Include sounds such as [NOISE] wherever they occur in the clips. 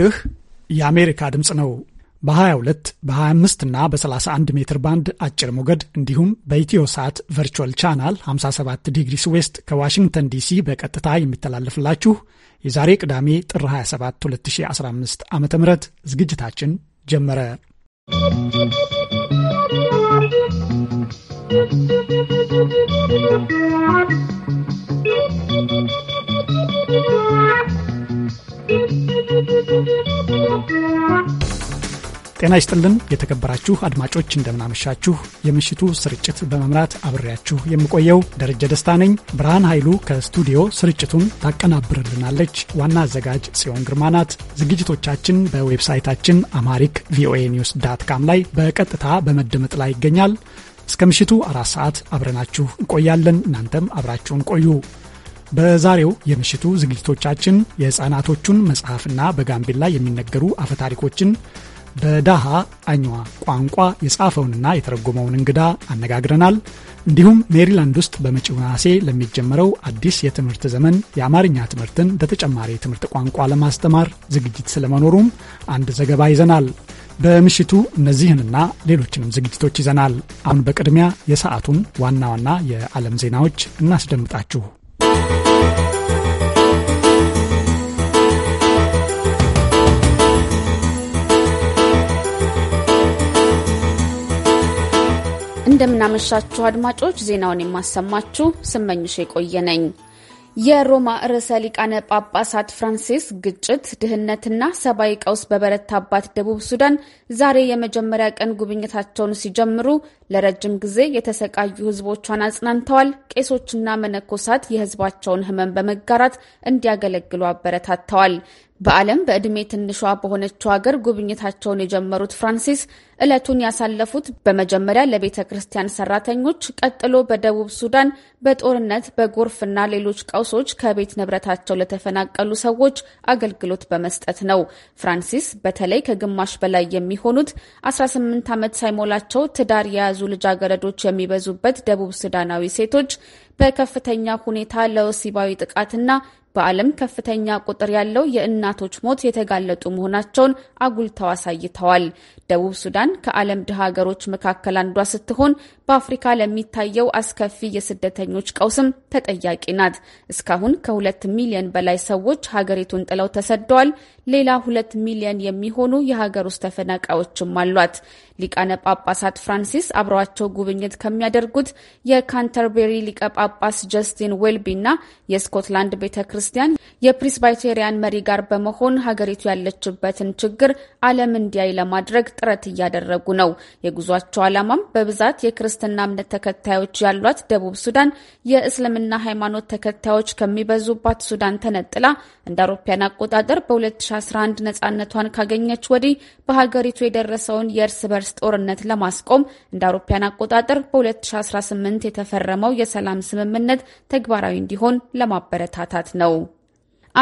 ይህ የአሜሪካ ድምፅ ነው። በ22 በ25 እና በ31 ሜትር ባንድ አጭር ሞገድ እንዲሁም በኢትዮ ሳት ቨርቹዋል ቻናል 57 ዲግሪስ ዌስት ከዋሽንግተን ዲሲ በቀጥታ የሚተላለፍላችሁ የዛሬ ቅዳሜ ጥር 27 2015 ዓ ም ዝግጅታችን ጀመረ። ¶¶ ጤና ይስጥልን የተከበራችሁ አድማጮች እንደምናመሻችሁ። የምሽቱ ስርጭት በመምራት አብሬያችሁ የምቆየው ደረጀ ደስታ ነኝ። ብርሃን ኃይሉ ከስቱዲዮ ስርጭቱን ታቀናብርልናለች። ዋና አዘጋጅ ጽዮን ግርማ ናት። ዝግጅቶቻችን በዌብሳይታችን አማሪክ ቪኦኤ ኒውስ ዳት ካም ላይ በቀጥታ በመደመጥ ላይ ይገኛል። እስከ ምሽቱ አራት ሰዓት አብረናችሁ እንቆያለን። እናንተም አብራችሁን ቆዩ። በዛሬው የምሽቱ ዝግጅቶቻችን የሕፃናቶቹን መጽሐፍና በጋምቤላ የሚነገሩ አፈታሪኮችን በዳሃ አኝዋ ቋንቋ የጻፈውንና የተረጎመውን እንግዳ አነጋግረናል። እንዲሁም ሜሪላንድ ውስጥ በመጪው ነሐሴ ለሚጀመረው አዲስ የትምህርት ዘመን የአማርኛ ትምህርትን በተጨማሪ የትምህርት ቋንቋ ለማስተማር ዝግጅት ስለመኖሩም አንድ ዘገባ ይዘናል። በምሽቱ እነዚህንና ሌሎችንም ዝግጅቶች ይዘናል። አሁን በቅድሚያ የሰዓቱን ዋና ዋና የዓለም ዜናዎች እናስደምጣችሁ። እንደምናመሻችሁ አድማጮች፣ ዜናውን የማሰማችሁ ስመኝሽ የቆየ ነኝ። የሮማ ርዕሰ ሊቃነ ጳጳሳት ፍራንሲስ ግጭት፣ ድህነትና ሰብአዊ ቀውስ በበረታባት ደቡብ ሱዳን ዛሬ የመጀመሪያ ቀን ጉብኝታቸውን ሲጀምሩ ለረጅም ጊዜ የተሰቃዩ ሕዝቦቿን አጽናንተዋል። ቄሶችና መነኮሳት የሕዝባቸውን ህመም በመጋራት እንዲያገለግሉ አበረታተዋል። በዓለም በዕድሜ ትንሿ በሆነችው ሀገር ጉብኝታቸውን የጀመሩት ፍራንሲስ ዕለቱን ያሳለፉት በመጀመሪያ ለቤተ ክርስቲያን ሰራተኞች፣ ቀጥሎ በደቡብ ሱዳን በጦርነት በጎርፍና ሌሎች ቀውሶች ከቤት ንብረታቸው ለተፈናቀሉ ሰዎች አገልግሎት በመስጠት ነው። ፍራንሲስ በተለይ ከግማሽ በላይ የሚሆኑት 18 ዓመት ሳይሞላቸው ትዳር የያዙ ልጃገረዶች የሚበዙበት ደቡብ ሱዳናዊ ሴቶች በከፍተኛ ሁኔታ ለወሲባዊ ጥቃትና በዓለም ከፍተኛ ቁጥር ያለው የእናቶች ሞት የተጋለጡ መሆናቸውን አጉልተው አሳይተዋል። ደቡብ ሱዳን ከዓለም ድሃ ሀገሮች መካከል አንዷ ስትሆን በአፍሪካ ለሚታየው አስከፊ የስደተኞች ቀውስም ተጠያቂ ናት። እስካሁን ከሁለት ሚሊዮን በላይ ሰዎች ሀገሪቱን ጥለው ተሰደዋል። ሌላ ሁለት ሚሊዮን የሚሆኑ የሀገር ውስጥ ተፈናቃዮችም አሏት። ሊቃነ ጳጳሳት ፍራንሲስ አብረዋቸው ጉብኝት ከሚያደርጉት የካንተርቤሪ ሊቀ ጳጳስ ጀስቲን ዌልቢ እና የስኮትላንድ ቤተ ክርስቲያን የፕሪስባይቴሪያን መሪ ጋር በመሆን ሀገሪቱ ያለችበትን ችግር ዓለም እንዲያይ ለማድረግ ጥረት እያደረጉ ነው። የጉዟቸው ዓላማም በብዛት የክርስትና እምነት ተከታዮች ያሏት ደቡብ ሱዳን የእስልምና ሃይማኖት ተከታዮች ከሚበዙባት ሱዳን ተነጥላ እንደ አውሮፓያን አቆጣጠር በ20 2011 ነጻነቷን ካገኘች ወዲህ በሀገሪቱ የደረሰውን የእርስ በርስ ጦርነት ለማስቆም እንደ አውሮፓያን አቆጣጠር በ2018 የተፈረመው የሰላም ስምምነት ተግባራዊ እንዲሆን ለማበረታታት ነው።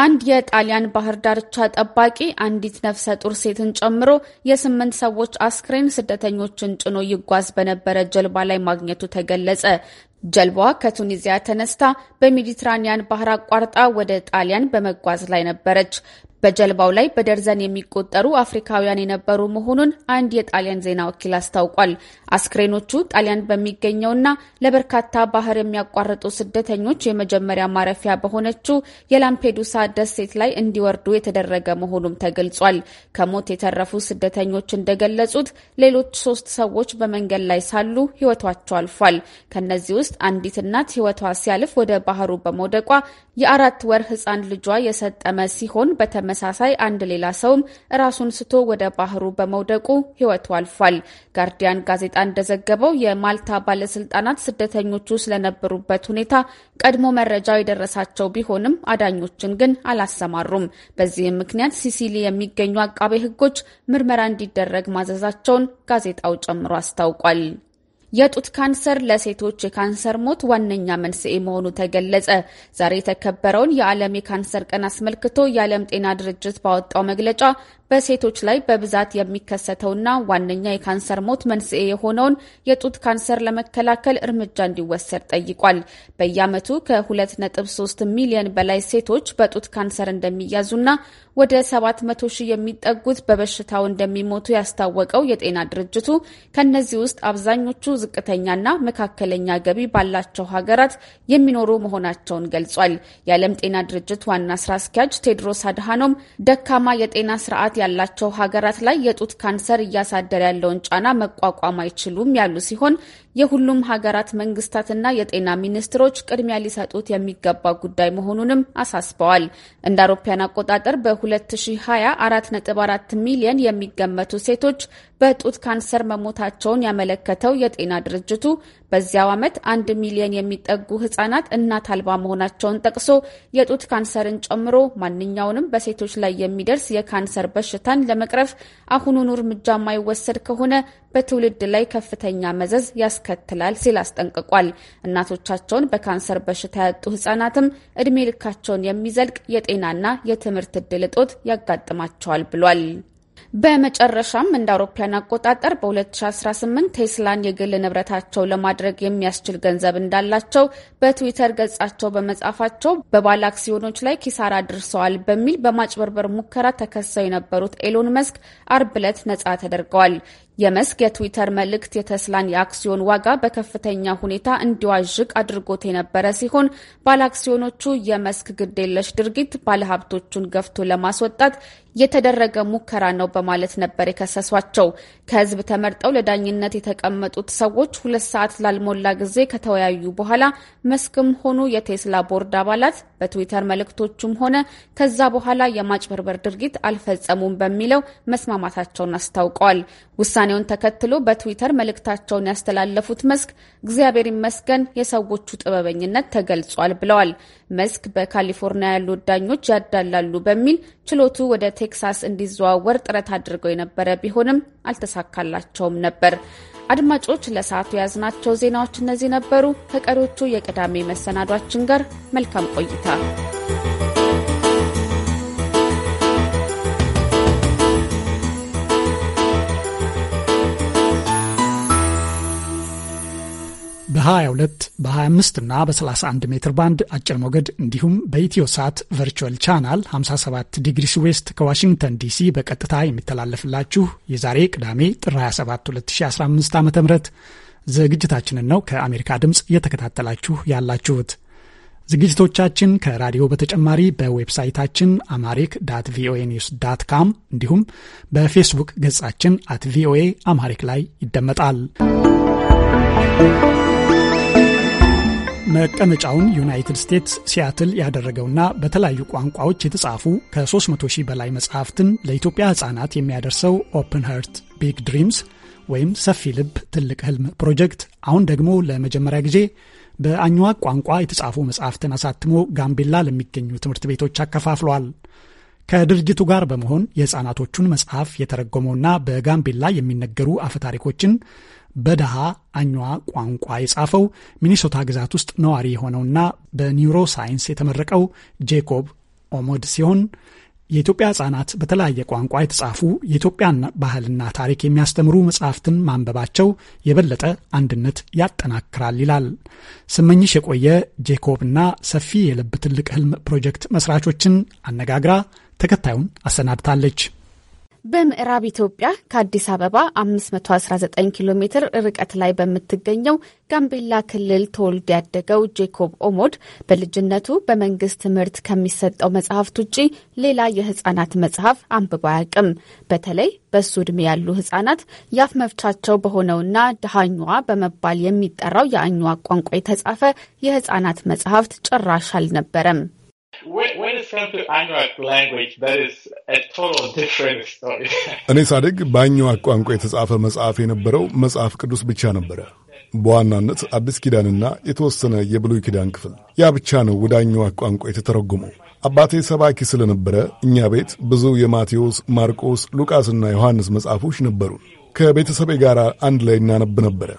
አንድ የጣሊያን ባህር ዳርቻ ጠባቂ አንዲት ነፍሰ ጡር ሴትን ጨምሮ የስምንት ሰዎች አስክሬን ስደተኞችን ጭኖ ይጓዝ በነበረ ጀልባ ላይ ማግኘቱ ተገለጸ። ጀልባዋ ከቱኒዚያ ተነስታ በሜዲትራኒያን ባህር አቋርጣ ወደ ጣሊያን በመጓዝ ላይ ነበረች። በጀልባው ላይ በደርዘን የሚቆጠሩ አፍሪካውያን የነበሩ መሆኑን አንድ የጣሊያን ዜና ወኪል አስታውቋል። አስክሬኖቹ ጣሊያን በሚገኘውና ለበርካታ ባህር የሚያቋርጡ ስደተኞች የመጀመሪያ ማረፊያ በሆነችው የላምፔዱሳ ደሴት ላይ እንዲወርዱ የተደረገ መሆኑም ተገልጿል። ከሞት የተረፉ ስደተኞች እንደገለጹት ሌሎች ሶስት ሰዎች በመንገድ ላይ ሳሉ ሕይወቷቸው አልፏል። ከእነዚህ ውስጥ አንዲት እናት ሕይወቷ ሲያልፍ ወደ ባህሩ በመውደቋ የአራት ወር ህፃን ልጇ የሰጠመ ሲሆን በተ በተመሳሳይ አንድ ሌላ ሰውም ራሱን ስቶ ወደ ባህሩ በመውደቁ ህይወቱ አልፏል። ጋርዲያን ጋዜጣ እንደዘገበው የማልታ ባለስልጣናት ስደተኞቹ ስለነበሩበት ሁኔታ ቀድሞ መረጃ የደረሳቸው ቢሆንም አዳኞችን ግን አላሰማሩም። በዚህም ምክንያት ሲሲሊ የሚገኙ አቃቤ ህጎች ምርመራ እንዲደረግ ማዘዛቸውን ጋዜጣው ጨምሮ አስታውቋል። የጡት ካንሰር ለሴቶች የካንሰር ሞት ዋነኛ መንስኤ መሆኑ ተገለጸ። ዛሬ የተከበረውን የዓለም የካንሰር ቀን አስመልክቶ የዓለም ጤና ድርጅት ባወጣው መግለጫ በሴቶች ላይ በብዛት የሚከሰተውና ዋነኛ የካንሰር ሞት መንስኤ የሆነውን የጡት ካንሰር ለመከላከል እርምጃ እንዲወሰድ ጠይቋል። በየዓመቱ ከ2.3 ሚሊዮን በላይ ሴቶች በጡት ካንሰር እንደሚያዙና ወደ 700 ሺህ የሚጠጉት በበሽታው እንደሚሞቱ ያስታወቀው የጤና ድርጅቱ ከእነዚህ ውስጥ አብዛኞቹ ዝቅተኛና መካከለኛ ገቢ ባላቸው ሀገራት የሚኖሩ መሆናቸውን ገልጿል። የዓለም ጤና ድርጅት ዋና ስራ አስኪያጅ ቴድሮስ አድሃኖም ደካማ የጤና ስርዓት ያላቸው ሀገራት ላይ የጡት ካንሰር እያሳደረ ያለውን ጫና መቋቋም አይችሉም ያሉ ሲሆን የሁሉም ሀገራት መንግስታትና የጤና ሚኒስትሮች ቅድሚያ ሊሰጡት የሚገባ ጉዳይ መሆኑንም አሳስበዋል። እንደ አውሮፓውያን አቆጣጠር በ2020 4.4 ሚሊዮን የሚገመቱ ሴቶች በጡት ካንሰር መሞታቸውን ያመለከተው የጤና ድርጅቱ በዚያው ዓመት አንድ ሚሊዮን የሚጠጉ ህጻናት እናት አልባ መሆናቸውን ጠቅሶ የጡት ካንሰርን ጨምሮ ማንኛውንም በሴቶች ላይ የሚደርስ የካንሰር በሽታን ለመቅረፍ አሁኑኑ እርምጃ የማይወሰድ ከሆነ በትውልድ ላይ ከፍተኛ መዘዝ ያስ ያስከትላል ሲል አስጠንቅቋል። እናቶቻቸውን በካንሰር በሽታ ያጡ ህጻናትም እድሜ ልካቸውን የሚዘልቅ የጤናና የትምህርት እድል እጦት ያጋጥማቸዋል ብሏል። በመጨረሻም እንደ አውሮፓውያን አቆጣጠር በ2018 ቴስላን የግል ንብረታቸው ለማድረግ የሚያስችል ገንዘብ እንዳላቸው በትዊተር ገጻቸው በመጻፋቸው በባለ አክሲዮኖች ላይ ኪሳራ አድርሰዋል በሚል በማጭበርበር ሙከራ ተከሰው የነበሩት ኤሎን መስክ አርብ ዕለት ነጻ ተደርገዋል። የመስክ የትዊተር መልእክት የተስላን የአክሲዮን ዋጋ በከፍተኛ ሁኔታ እንዲዋዥቅ አድርጎት የነበረ ሲሆን ባለአክሲዮኖቹ የመስክ ግዴለሽ ድርጊት ባለሀብቶቹን ገፍቶ ለማስወጣት የተደረገ ሙከራ ነው በማለት ነበር የከሰሷቸው። ከህዝብ ተመርጠው ለዳኝነት የተቀመጡት ሰዎች ሁለት ሰዓት ላልሞላ ጊዜ ከተወያዩ በኋላ መስክም ሆኑ የቴስላ ቦርድ አባላት በትዊተር መልእክቶቹም ሆነ ከዛ በኋላ የማጭበርበር ድርጊት አልፈጸሙም በሚለው መስማማታቸውን አስታውቀዋል። ውሳኔ ውሳኔውን ተከትሎ በትዊተር መልእክታቸውን ያስተላለፉት መስክ እግዚአብሔር ይመስገን የሰዎቹ ጥበበኝነት ተገልጿል ብለዋል። መስክ በካሊፎርኒያ ያሉ ዳኞች ያዳላሉ በሚል ችሎቱ ወደ ቴክሳስ እንዲዘዋወር ጥረት አድርገው የነበረ ቢሆንም አልተሳካላቸውም ነበር። አድማጮች ለሰዓቱ የያዝናቸው ዜናዎች እነዚህ ነበሩ። ከቀሪዎቹ የቅዳሜ መሰናዷችን ጋር መልካም ቆይታ በ በ25 እና በ31 ሜትር ባንድ አጭር ሞገድ እንዲሁም በኢትዮ ሳት ቨርቹዋል ቻናል 57 ዲግሪስ ዌስት ከዋሽንግተን ዲሲ በቀጥታ የሚተላለፍላችሁ የዛሬ ቅዳሜ ጥር 27 2015 ዓ ዝግጅታችንን ነው ከአሜሪካ ድምፅ እየተከታተላችሁ ያላችሁት። ዝግጅቶቻችን ከራዲዮ በተጨማሪ በዌብሳይታችን አማሪክ ዳት ቪኦኤ ኒውስ ዳት ካም እንዲሁም በፌስቡክ ገጻችን አት ቪኦኤ አማሪክ ላይ ይደመጣል። መቀመጫውን ዩናይትድ ስቴትስ ሲያትል ያደረገውና በተለያዩ ቋንቋዎች የተጻፉ ከ300 ሺህ በላይ መጽሐፍትን ለኢትዮጵያ ሕፃናት የሚያደርሰው ኦፕን ሀርት ቢግ ድሪምስ ወይም ሰፊ ልብ ትልቅ ህልም ፕሮጀክት አሁን ደግሞ ለመጀመሪያ ጊዜ በአኝዋክ ቋንቋ የተጻፉ መጽሐፍትን አሳትሞ ጋምቤላ ለሚገኙ ትምህርት ቤቶች አከፋፍሏል። ከድርጅቱ ጋር በመሆን የህፃናቶቹን መጽሐፍ የተረጎመውና በጋምቤላ የሚነገሩ አፈታሪኮችን በድሃ አኝዋ ቋንቋ የጻፈው ሚኒሶታ ግዛት ውስጥ ነዋሪ የሆነውና በኒውሮ ሳይንስ የተመረቀው ጄኮብ ኦሞድ ሲሆን የኢትዮጵያ ህጻናት በተለያየ ቋንቋ የተጻፉ የኢትዮጵያን ባህልና ታሪክ የሚያስተምሩ መጽሐፍትን ማንበባቸው የበለጠ አንድነት ያጠናክራል ይላል። ስመኝሽ የቆየ ጄኮብና ሰፊ የልብ ትልቅ ህልም ፕሮጀክት መስራቾችን አነጋግራ ተከታዩን አሰናድታለች። በምዕራብ ኢትዮጵያ ከአዲስ አበባ 519 ኪሎ ሜትር ርቀት ላይ በምትገኘው ጋምቤላ ክልል ተወልዶ ያደገው ጄኮብ ኦሞድ በልጅነቱ በመንግስት ትምህርት ከሚሰጠው መጽሐፍት ውጪ ሌላ የህጻናት መጽሐፍ አንብቦ አያውቅም። በተለይ በእሱ ዕድሜ ያሉ ህጻናት ያፍ መፍቻቸው በሆነውና ድሃኟ በመባል የሚጠራው የአኟ ቋንቋ የተጻፈ የህጻናት መጽሐፍት ጭራሽ አልነበረም። [LAUGHS] እኔ ሳድግ በአኝዋክ ቋንቋ የተጻፈ መጽሐፍ የነበረው መጽሐፍ ቅዱስ ብቻ ነበረ። በዋናነት አዲስ ኪዳንና የተወሰነ የብሉይ ኪዳን ክፍል። ያ ብቻ ነው ወደ አኝዋክ ቋንቋ የተተረጎመው። አባቴ ሰባኪ ስለነበረ እኛ ቤት ብዙ የማቴዎስ፣ ማርቆስ፣ ሉቃስና ዮሐንስ መጽሐፎች ነበሩ። ከቤተሰቤ ጋር አንድ ላይ እናነብ ነበረ።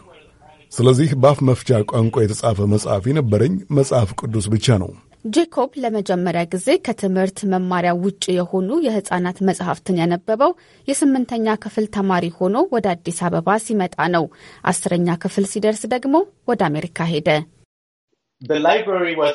ስለዚህ በአፍ መፍቻ ቋንቋ የተጻፈ መጽሐፍ የነበረኝ መጽሐፍ ቅዱስ ብቻ ነው። ጄኮብ ለመጀመሪያ ጊዜ ከትምህርት መማሪያ ውጭ የሆኑ የህጻናት መጽሐፍትን ያነበበው የስምንተኛ ክፍል ተማሪ ሆኖ ወደ አዲስ አበባ ሲመጣ ነው። አስረኛ ክፍል ሲደርስ ደግሞ ወደ አሜሪካ ሄደ። [LAUGHS] uh,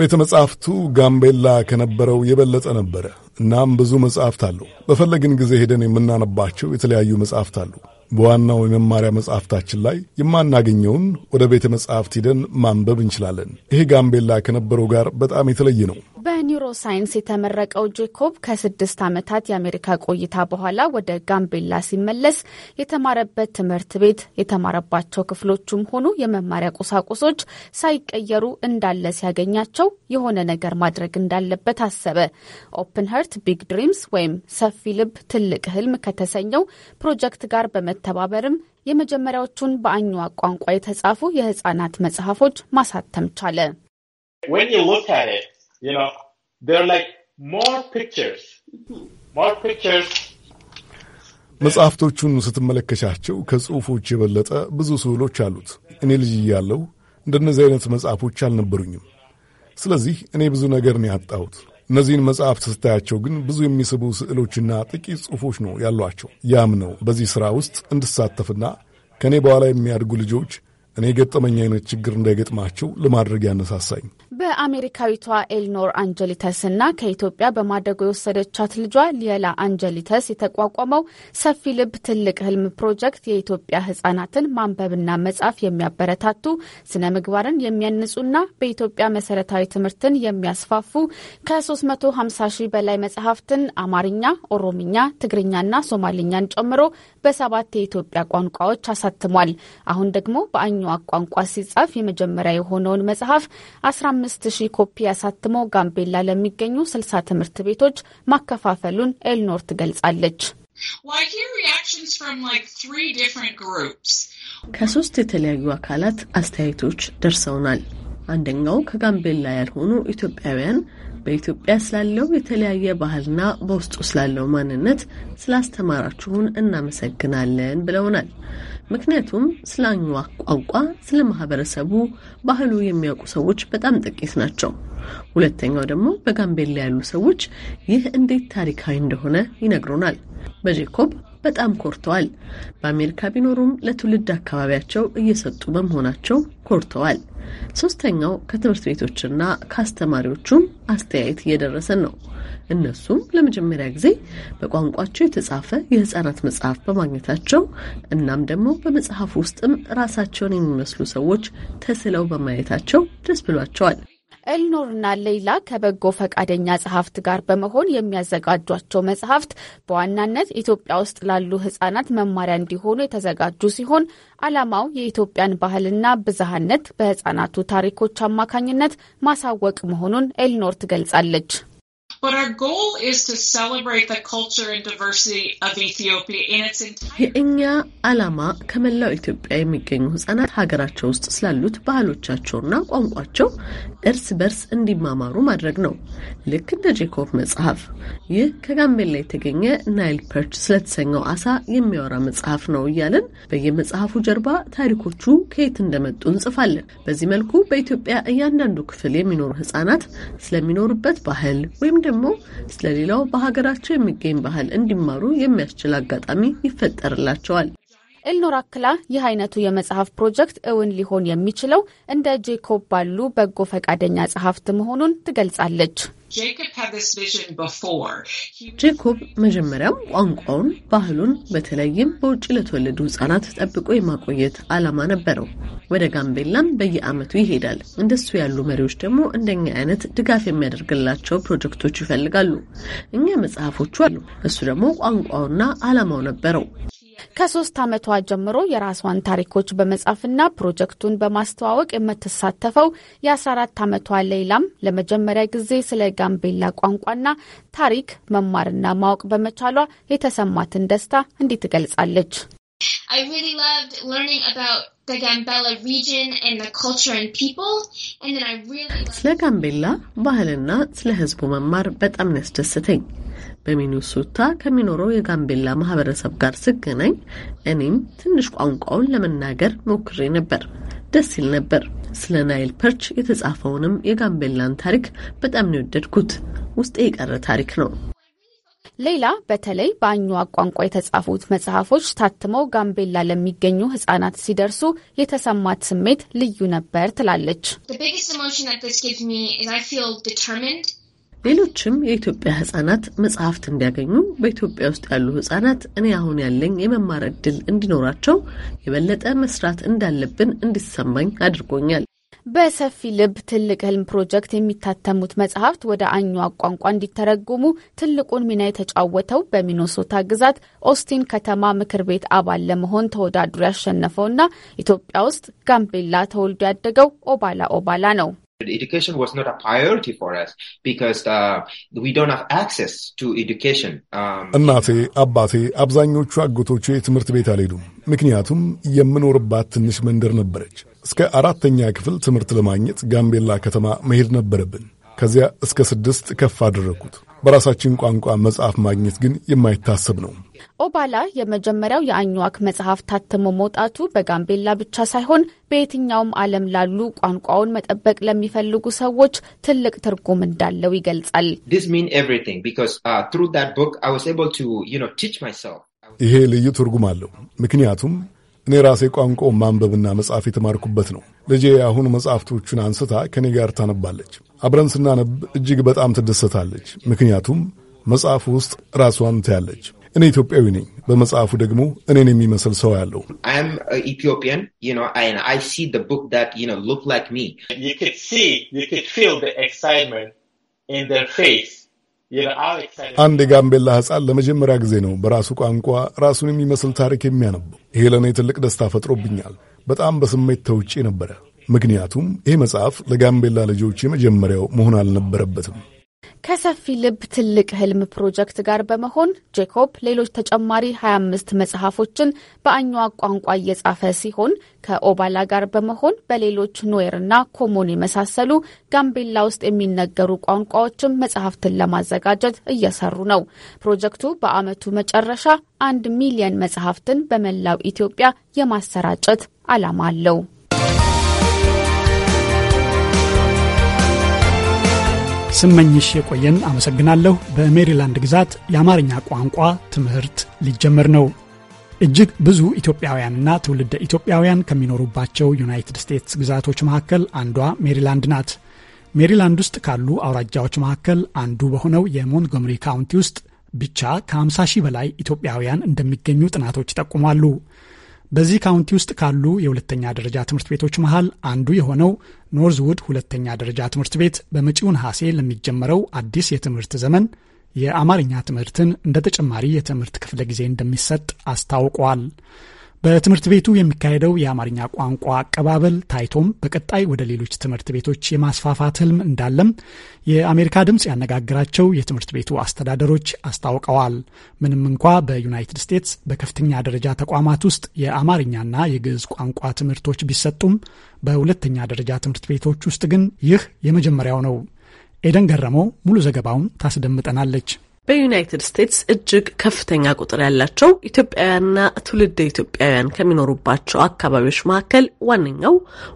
ቤተ መጽሐፍቱ ጋምቤላ ከነበረው የበለጠ ነበረ። እናም ብዙ መጽሐፍት አሉ። በፈለግን ጊዜ ሄደን የምናነባቸው የተለያዩ መጽሐፍት አሉ። በዋናው የመማሪያ መጽሐፍታችን ላይ የማናገኘውን ወደ ቤተ መጽሐፍት ሂደን ማንበብ እንችላለን። ይሄ ጋምቤላ ከነበረው ጋር በጣም የተለየ ነው። በኒውሮ ሳይንስ የተመረቀው ጄኮብ ከስድስት ዓመታት የአሜሪካ ቆይታ በኋላ ወደ ጋምቤላ ሲመለስ የተማረበት ትምህርት ቤት የተማረባቸው ክፍሎቹም ሆኑ የመማሪያ ቁሳቁሶች ሳይቀየሩ እንዳለ ሲያገኛቸው የሆነ ነገር ማድረግ እንዳለበት አሰበ። ኦፕን ሀርት ቢግ ድሪምስ ወይም ሰፊ ልብ ትልቅ ህልም ከተሰኘው ፕሮጀክት ጋር በመተባበርም የመጀመሪያዎቹን በአኝዋ ቋንቋ የተጻፉ የህጻናት መጽሐፎች ማሳተም ቻለ። you know, they're like more pictures, more pictures. መጽሐፍቶቹን ስትመለከቻቸው ከጽሑፎች የበለጠ ብዙ ስዕሎች አሉት። እኔ ልጅ እያለሁ እንደነዚህ አይነት መጽሐፎች አልነበሩኝም። ስለዚህ እኔ ብዙ ነገር ነው ያጣሁት። እነዚህን መጽሐፍት ስታያቸው ግን ብዙ የሚስቡ ስዕሎችና ጥቂት ጽሑፎች ነው ያሏቸው። ያም ነው በዚህ ሥራ ውስጥ እንድሳተፍና ከእኔ በኋላ የሚያድጉ ልጆች እኔ የገጠመኝ አይነት ችግር እንዳይገጥማቸው ለማድረግ ያነሳሳኝ በአሜሪካዊቷ ኤልኖር አንጀሊተስና ከኢትዮጵያ በማደጎ የወሰደቻት ልጇ ሊየላ አንጀሊተስ የተቋቋመው ሰፊ ልብ ትልቅ ህልም ፕሮጀክት የኢትዮጵያ ህጻናትን ማንበብና መጻፍ የሚያበረታቱ ስነ ምግባርን የሚያንጹና በኢትዮጵያ መሰረታዊ ትምህርትን የሚያስፋፉ ከ350 ሺህ በላይ መጽሐፍትን አማርኛ፣ ኦሮምኛ፣ ትግርኛና ሶማሊኛን ጨምሮ በሰባት የኢትዮጵያ ቋንቋዎች አሳትሟል። አሁን ደግሞ በአኟ በአኗኗቅ ቋንቋ ሲጻፍ የመጀመሪያ የሆነውን መጽሐፍ 15 ኮፒ አሳትሞ ጋምቤላ ለሚገኙ 60 ትምህርት ቤቶች ማከፋፈሉን ኤልኖር ትገልጻለች። ከሶስት የተለያዩ አካላት አስተያየቶች ደርሰውናል። አንደኛው ከጋምቤላ ያልሆኑ ኢትዮጵያውያን በኢትዮጵያ ስላለው የተለያየ ባህልና በውስጡ ስላለው ማንነት ስላስተማራችሁን እናመሰግናለን ብለውናል። ምክንያቱም ስለ ቋንቋ፣ ስለ ማህበረሰቡ ባህሉ የሚያውቁ ሰዎች በጣም ጥቂት ናቸው። ሁለተኛው ደግሞ በጋምቤላ ያሉ ሰዎች ይህ እንዴት ታሪካዊ እንደሆነ ይነግሩናል። በጄኮብ በጣም ኮርተዋል። በአሜሪካ ቢኖሩም ለትውልድ አካባቢያቸው እየሰጡ በመሆናቸው ኮርተዋል። ሶስተኛው ከትምህርት ቤቶችና ከአስተማሪዎቹም አስተያየት እየደረሰን ነው። እነሱም ለመጀመሪያ ጊዜ በቋንቋቸው የተጻፈ የህጻናት መጽሐፍ በማግኘታቸው እናም ደግሞ በመጽሐፍ ውስጥም ራሳቸውን የሚመስሉ ሰዎች ተስለው በማየታቸው ደስ ብሏቸዋል። ኤልኖርና ሌይላ ከበጎ ፈቃደኛ ጸሐፍት ጋር በመሆን የሚያዘጋጇቸው መጽሐፍት በዋናነት ኢትዮጵያ ውስጥ ላሉ ህጻናት መማሪያ እንዲሆኑ የተዘጋጁ ሲሆን ዓላማው የኢትዮጵያን ባህልና ብዝሃነት በህጻናቱ ታሪኮች አማካኝነት ማሳወቅ መሆኑን ኤልኖር ትገልጻለች። የእኛ ዓላማ ከመላው ኢትዮጵያ የሚገኙ ህጻናት ሀገራቸው ውስጥ ስላሉት ባህሎቻቸውና ቋንቋቸው እርስ በርስ እንዲማማሩ ማድረግ ነው። ልክ እንደ ጄኮብ መጽሐፍ። ይህ ከጋምቤላ የተገኘ ናይል ፐርች ስለተሰኘው አሳ የሚያወራ መጽሐፍ ነው እያለን። በየመጽሐፉ ጀርባ ታሪኮቹ ከየት እንደመጡ እንጽፋለን። በዚህ መልኩ በኢትዮጵያ እያንዳንዱ ክፍል የሚኖሩ ህጻናት ስለሚኖሩበት ባህል ወይም ደግሞ ስለሌላው በሀገራቸው የሚገኝ ባህል እንዲማሩ የሚያስችል አጋጣሚ ይፈጠርላቸዋል። ኤልኖራ ክላ ይህ አይነቱ የመጽሐፍ ፕሮጀክት እውን ሊሆን የሚችለው እንደ ጄኮብ ባሉ በጎ ፈቃደኛ ጸሐፍት መሆኑን ትገልጻለች። ጄኮብ መጀመሪያም ቋንቋውን፣ ባህሉን በተለይም በውጭ ለተወለዱ ህጻናት ጠብቆ የማቆየት ዓላማ ነበረው። ወደ ጋምቤላም በየዓመቱ ይሄዳል። እንደሱ ያሉ መሪዎች ደግሞ እንደኛ አይነት ድጋፍ የሚያደርግላቸው ፕሮጀክቶች ይፈልጋሉ። እኛ መጽሐፎቹ አሉ፣ እሱ ደግሞ ቋንቋውና ዓላማው ነበረው። ከሶስት ዓመቷ ጀምሮ የራሷን ታሪኮች በመጻፍና ፕሮጀክቱን በማስተዋወቅ የምትሳተፈው የ14 ዓመቷ ሌይላም ለመጀመሪያ ጊዜ ስለ ጋምቤላ ቋንቋና ታሪክ መማርና ማወቅ በመቻሏ የተሰማትን ደስታ እንዲህ ትገልጻለች። ስለ ጋምቤላ ባህልና ስለ ሕዝቡ መማር በጣም ያስደስተኝ በሚኒሶታ ከሚኖረው የጋምቤላ ማህበረሰብ ጋር ስገናኝ እኔም ትንሽ ቋንቋውን ለመናገር ሞክሬ ነበር። ደስ ይል ነበር። ስለ ናይል ፐርች የተጻፈውንም የጋምቤላን ታሪክ በጣም ነው የወደድኩት። ውስጤ የቀረ ታሪክ ነው። ሌላ በተለይ በአኟዋክ ቋንቋ የተጻፉት መጽሐፎች ታትመው ጋምቤላ ለሚገኙ ሕጻናት ሲደርሱ የተሰማት ስሜት ልዩ ነበር ትላለች። ሌሎችም የኢትዮጵያ ህጻናት መጽሐፍት እንዲያገኙ በኢትዮጵያ ውስጥ ያሉ ህጻናት እኔ አሁን ያለኝ የመማር እድል እንዲኖራቸው የበለጠ መስራት እንዳለብን እንዲሰማኝ አድርጎኛል። በሰፊ ልብ ትልቅ ህልም ፕሮጀክት የሚታተሙት መጽሐፍት ወደ አኟዋክ ቋንቋ እንዲተረጎሙ ትልቁን ሚና የተጫወተው በሚኖሶታ ግዛት ኦስቲን ከተማ ምክር ቤት አባል ለመሆን ተወዳድሮ ያሸነፈውና ኢትዮጵያ ውስጥ ጋምቤላ ተወልዶ ያደገው ኦባላ ኦባላ ነው። Education was not a priority for us because uh, we don't have access to education. Um, እናቴ አባቴ፣ አብዛኞቹ አጎቶቼ ትምህርት ቤት አልሄዱም፣ ምክንያቱም የምኖርባት ትንሽ መንደር ነበረች። እስከ አራተኛ ክፍል ትምህርት ለማግኘት ጋምቤላ ከተማ መሄድ ነበረብን። ከዚያ እስከ ስድስት ከፍ አደረግኩት። በራሳችን ቋንቋ መጽሐፍ ማግኘት ግን የማይታሰብ ነው። ኦባላ የመጀመሪያው የአኝዋክ መጽሐፍ ታትሞ መውጣቱ በጋምቤላ ብቻ ሳይሆን በየትኛውም ዓለም ላሉ ቋንቋውን መጠበቅ ለሚፈልጉ ሰዎች ትልቅ ትርጉም እንዳለው ይገልጻል። uh, ይሄ ልዩ ትርጉም አለው፣ ምክንያቱም እኔ ራሴ ቋንቋውን ማንበብና መጽሐፍ የተማርኩበት ነው። ልጄ አሁን መጽሐፍቶቹን አንስታ ከኔ ጋር ታነባለች። አብረን ስናነብ እጅግ በጣም ትደሰታለች። ምክንያቱም መጽሐፉ ውስጥ ራሷን ታያለች። እኔ ኢትዮጵያዊ ነኝ። በመጽሐፉ ደግሞ እኔን የሚመስል ሰው ያለው አንድ የጋምቤላ ሕፃን ለመጀመሪያ ጊዜ ነው በራሱ ቋንቋ ራሱን የሚመስል ታሪክ የሚያነበው። ይሄ ለእኔ ትልቅ ደስታ ፈጥሮብኛል። በጣም በስሜት ተውጬ ነበረ። ምክንያቱም ይህ መጽሐፍ ለጋምቤላ ልጆች የመጀመሪያው መሆን አልነበረበትም። ከሰፊ ልብ ትልቅ ህልም ፕሮጀክት ጋር በመሆን ጄኮብ ሌሎች ተጨማሪ 25 መጽሐፎችን በአኟዋክ ቋንቋ እየጻፈ ሲሆን ከኦባላ ጋር በመሆን በሌሎች ኑዌርና ኮሞን የመሳሰሉ ጋምቤላ ውስጥ የሚነገሩ ቋንቋዎችን መጽሐፍትን ለማዘጋጀት እየሰሩ ነው። ፕሮጀክቱ በአመቱ መጨረሻ አንድ ሚሊየን መጽሐፍትን በመላው ኢትዮጵያ የማሰራጨት ዓላማ አለው። ስመኝሽ የቆየን አመሰግናለሁ። በሜሪላንድ ግዛት የአማርኛ ቋንቋ ትምህርት ሊጀመር ነው። እጅግ ብዙ ኢትዮጵያውያንና ትውልደ ኢትዮጵያውያን ከሚኖሩባቸው ዩናይትድ ስቴትስ ግዛቶች መካከል አንዷ ሜሪላንድ ናት። ሜሪላንድ ውስጥ ካሉ አውራጃዎች መካከል አንዱ በሆነው የሞንጎምሪ ካውንቲ ውስጥ ብቻ ከ50 ሺህ በላይ ኢትዮጵያውያን እንደሚገኙ ጥናቶች ይጠቁማሉ። በዚህ ካውንቲ ውስጥ ካሉ የሁለተኛ ደረጃ ትምህርት ቤቶች መሃል አንዱ የሆነው ኖርዝውድ ሁለተኛ ደረጃ ትምህርት ቤት በመጪው ነሐሴ ለሚጀመረው አዲስ የትምህርት ዘመን የአማርኛ ትምህርትን እንደ ተጨማሪ የትምህርት ክፍለ ጊዜ እንደሚሰጥ አስታውቋል። በትምህርት ቤቱ የሚካሄደው የአማርኛ ቋንቋ አቀባበል ታይቶም በቀጣይ ወደ ሌሎች ትምህርት ቤቶች የማስፋፋት ህልም እንዳለም የአሜሪካ ድምፅ ያነጋግራቸው የትምህርት ቤቱ አስተዳደሮች አስታውቀዋል። ምንም እንኳ በዩናይትድ ስቴትስ በከፍተኛ ደረጃ ተቋማት ውስጥ የአማርኛና የግዕዝ ቋንቋ ትምህርቶች ቢሰጡም በሁለተኛ ደረጃ ትምህርት ቤቶች ውስጥ ግን ይህ የመጀመሪያው ነው። ኤደን ገረመው ሙሉ ዘገባውን ታስደምጠናለች። በዩናይትድ ስቴትስ እጅግ ከፍተኛ ቁጥር ያላቸው ኢትዮጵያውያንና ትውልደ ኢትዮጵያውያን ከሚኖሩባቸው አካባቢዎች መካከል ዋነኛው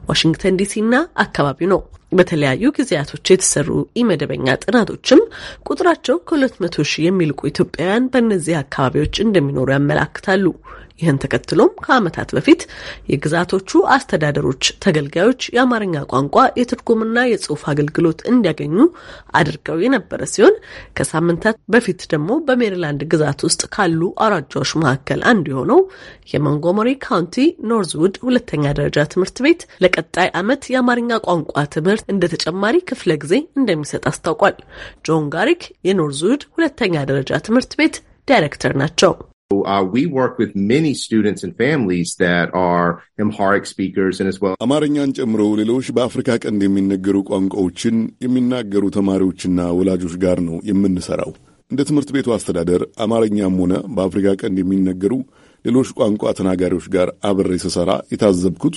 ዋሽንግተን ዲሲና አካባቢው ነው። በተለያዩ ጊዜያቶች የተሰሩ ኢመደበኛ ጥናቶችም ቁጥራቸው ከሁለት መቶ ሺህ የሚልቁ ኢትዮጵያውያን በእነዚህ አካባቢዎች እንደሚኖሩ ያመላክታሉ። ይህን ተከትሎም ከዓመታት በፊት የግዛቶቹ አስተዳደሮች ተገልጋዮች የአማርኛ ቋንቋ የትርጉምና የጽሑፍ አገልግሎት እንዲያገኙ አድርገው የነበረ ሲሆን ከሳምንታት በፊት ደግሞ በሜሪላንድ ግዛት ውስጥ ካሉ አውራጃዎች መካከል አንዱ የሆነው የሞንጎመሪ ካውንቲ ኖርዝውድ ሁለተኛ ደረጃ ትምህርት ቤት ለቀጣይ ዓመት የአማርኛ ቋንቋ ትምህርት እንደ ተጨማሪ ክፍለ ጊዜ እንደሚሰጥ አስታውቋል። ጆን ጋሪክ የኖርዝውድ ሁለተኛ ደረጃ ትምህርት ቤት ዳይሬክተር ናቸው። አማርኛን ጨምሮ ሌሎች በአፍሪካ ቀንድ የሚነገሩ ቋንቋዎችን የሚናገሩ ተማሪዎችና ወላጆች ጋር ነው የምንሰራው። እንደ ትምህርት ቤቱ አስተዳደር አማርኛም ሆነ በአፍሪካ ቀንድ የሚነገሩ ሌሎች ቋንቋ ተናጋሪዎች ጋር አብሬ ስሰራ የታዘብኩት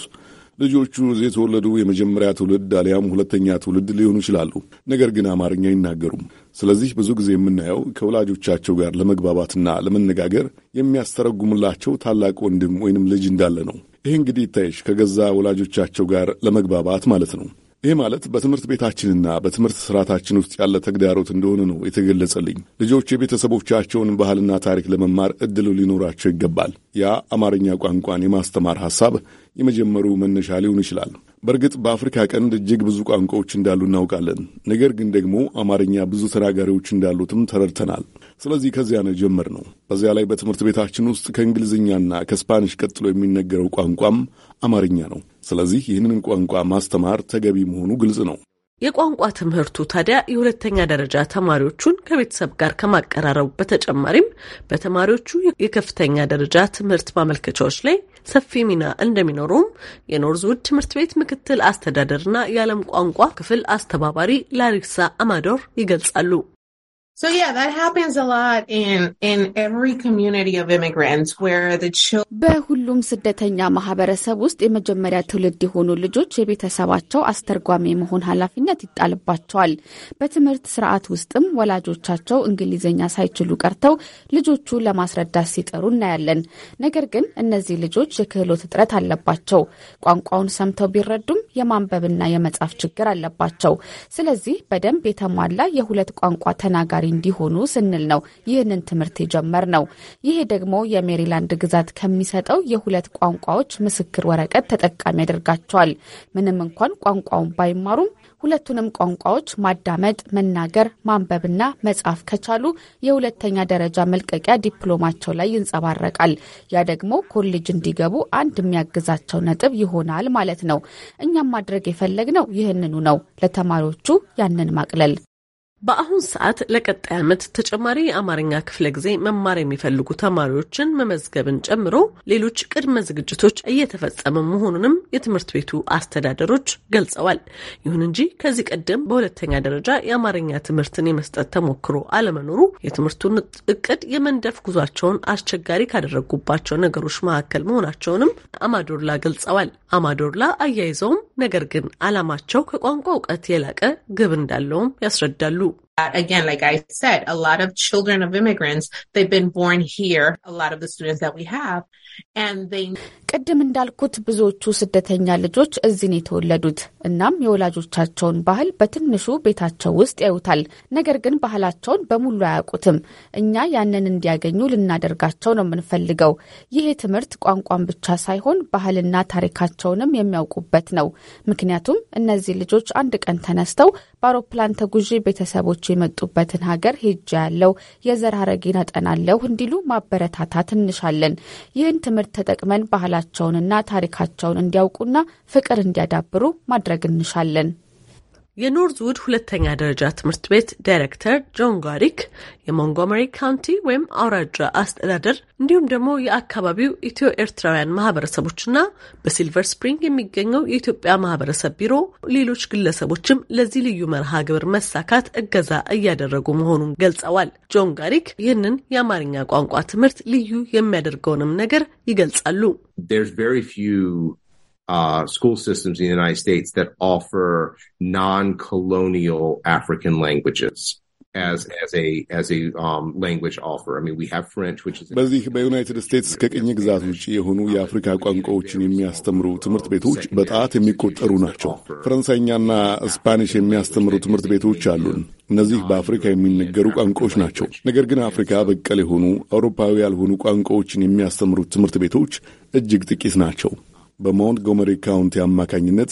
ልጆቹ የተወለዱ የመጀመሪያ ትውልድ አሊያም ሁለተኛ ትውልድ ሊሆኑ ይችላሉ። ነገር ግን አማርኛ አይናገሩም። ስለዚህ ብዙ ጊዜ የምናየው ከወላጆቻቸው ጋር ለመግባባትና ለመነጋገር የሚያስተረጉምላቸው ታላቅ ወንድም ወይንም ልጅ እንዳለ ነው። ይህ እንግዲህ ይታይሽ ከገዛ ወላጆቻቸው ጋር ለመግባባት ማለት ነው። ይህ ማለት በትምህርት ቤታችንና በትምህርት ስርዓታችን ውስጥ ያለ ተግዳሮት እንደሆነ ነው የተገለጸልኝ። ልጆች የቤተሰቦቻቸውን ባህልና ታሪክ ለመማር እድሉ ሊኖራቸው ይገባል። ያ አማርኛ ቋንቋን የማስተማር ሐሳብ የመጀመሩ መነሻ ሊሆን ይችላል። በእርግጥ በአፍሪካ ቀንድ እጅግ ብዙ ቋንቋዎች እንዳሉ እናውቃለን። ነገር ግን ደግሞ አማርኛ ብዙ ተናጋሪዎች እንዳሉትም ተረድተናል። ስለዚህ ከዚያ ነው የጀመርነው። በዚያ ላይ በትምህርት ቤታችን ውስጥ ከእንግሊዝኛና ከስፓኒሽ ቀጥሎ የሚነገረው ቋንቋም አማርኛ ነው። ስለዚህ ይህንን ቋንቋ ማስተማር ተገቢ መሆኑ ግልጽ ነው። የቋንቋ ትምህርቱ ታዲያ የሁለተኛ ደረጃ ተማሪዎቹን ከቤተሰብ ጋር ከማቀራረቡ በተጨማሪም በተማሪዎቹ የከፍተኛ ደረጃ ትምህርት ማመልከቻዎች ላይ ሰፊ ሚና እንደሚኖረውም የኖርዝውድ ትምህርት ቤት ምክትል አስተዳደርና የዓለም ቋንቋ ክፍል አስተባባሪ ላሪሳ አማዶር ይገልጻሉ። So yeah, that happens a lot in in every community of immigrants where the children በሁሉም ስደተኛ ማህበረሰብ ውስጥ የመጀመሪያ ትውልድ የሆኑ ልጆች የቤተሰባቸው አስተርጓሚ የመሆን ኃላፊነት ይጣልባቸዋል። በትምህርት ስርዓት ውስጥም ወላጆቻቸው እንግሊዝኛ ሳይችሉ ቀርተው ልጆቹ ለማስረዳት ሲጠሩ እናያለን። ነገር ግን እነዚህ ልጆች የክህሎት እጥረት አለባቸው። ቋንቋውን ሰምተው ቢረዱም የማንበብና የመጻፍ ችግር አለባቸው። ስለዚህ በደንብ የተሟላ የሁለት ቋንቋ ተናጋሪ እንዲሆኑ ስንል ነው ይህንን ትምህርት የጀመር ነው። ይሄ ደግሞ የሜሪላንድ ግዛት ከሚሰጠው የሁለት ቋንቋዎች ምስክር ወረቀት ተጠቃሚ ያደርጋቸዋል። ምንም እንኳን ቋንቋውን ባይማሩም ሁለቱንም ቋንቋዎች ማዳመጥ፣ መናገር፣ ማንበብና መጻፍ ከቻሉ የሁለተኛ ደረጃ መልቀቂያ ዲፕሎማቸው ላይ ይንጸባረቃል። ያ ደግሞ ኮሌጅ እንዲገቡ አንድ የሚያግዛቸው ነጥብ ይሆናል ማለት ነው። እኛም ማድረግ የፈለግነው ይህንኑ ነው፣ ለተማሪዎቹ ያንን ማቅለል በአሁን ሰዓት ለቀጣይ ዓመት ተጨማሪ የአማርኛ ክፍለ ጊዜ መማር የሚፈልጉ ተማሪዎችን መመዝገብን ጨምሮ ሌሎች ቅድመ ዝግጅቶች እየተፈጸመ መሆኑንም የትምህርት ቤቱ አስተዳደሮች ገልጸዋል። ይሁን እንጂ ከዚህ ቀደም በሁለተኛ ደረጃ የአማርኛ ትምህርትን የመስጠት ተሞክሮ አለመኖሩ የትምህርቱን እቅድ የመንደፍ ጉዟቸውን አስቸጋሪ ካደረጉባቸው ነገሮች መካከል መሆናቸውንም አማዶርላ ገልጸዋል። አማዶርላ አያይዘውም ነገር ግን ዓላማቸው ከቋንቋ እውቀት የላቀ ግብ እንዳለውም ያስረዳሉ። group. Again, like I said, a lot of children of immigrants, they've been born here. A lot of the students that we have, ቅድም እንዳልኩት ብዙዎቹ ስደተኛ ልጆች እዚህ ነው የተወለዱት። እናም የወላጆቻቸውን ባህል በትንሹ ቤታቸው ውስጥ ያዩታል። ነገር ግን ባህላቸውን በሙሉ አያውቁትም። እኛ ያንን እንዲያገኙ ልናደርጋቸው ነው የምንፈልገው። ይህ ትምህርት ቋንቋን ብቻ ሳይሆን ባህልና ታሪካቸውንም የሚያውቁበት ነው። ምክንያቱም እነዚህ ልጆች አንድ ቀን ተነስተው በአውሮፕላን ተጉዢ ቤተሰቦች የመጡበትን ሀገር ሄጃ ያለው የዘር ሐረጌን አጠናለሁ እንዲሉ ማበረታታት እንሻለን። ይህን ትምህርት ተጠቅመን ባህላቸውንና ታሪካቸውን እንዲያውቁና ፍቅር እንዲያዳብሩ ማድረግ እንሻለን። የኖርዝውድ ሁለተኛ ደረጃ ትምህርት ቤት ዳይሬክተር ጆን ጋሪክ የሞንጎመሪ ካውንቲ ወይም አውራጃ አስተዳደር እንዲሁም ደግሞ የአካባቢው ኢትዮ ኤርትራውያን ማህበረሰቦችና በሲልቨር ስፕሪንግ የሚገኘው የኢትዮጵያ ማህበረሰብ ቢሮ፣ ሌሎች ግለሰቦችም ለዚህ ልዩ መርሃ ግብር መሳካት እገዛ እያደረጉ መሆኑን ገልጸዋል። ጆን ጋሪክ ይህንን የአማርኛ ቋንቋ ትምህርት ልዩ የሚያደርገውንም ነገር ይገልጻሉ። uh, school systems in the United States that offer non-colonial African languages as as a as a um, language offer. I mean, we have French, which is በዚህ በዩናይትድ ስቴትስ ከቅኝ ግዛት ውጭ የሆኑ የአፍሪካ ቋንቋዎችን የሚያስተምሩ ትምህርት ቤቶች በጣት የሚቆጠሩ ናቸው። ፈረንሳይኛና ስፓኒሽ የሚያስተምሩ ትምህርት ቤቶች አሉን። እነዚህ በአፍሪካ የሚነገሩ ቋንቋዎች ናቸው። ነገር ግን አፍሪካ በቀል የሆኑ አውሮፓዊ ያልሆኑ ቋንቋዎችን የሚያስተምሩት ትምህርት ቤቶች እጅግ ጥቂት ናቸው። በሞንትጎመሪ ካውንቲ አማካኝነት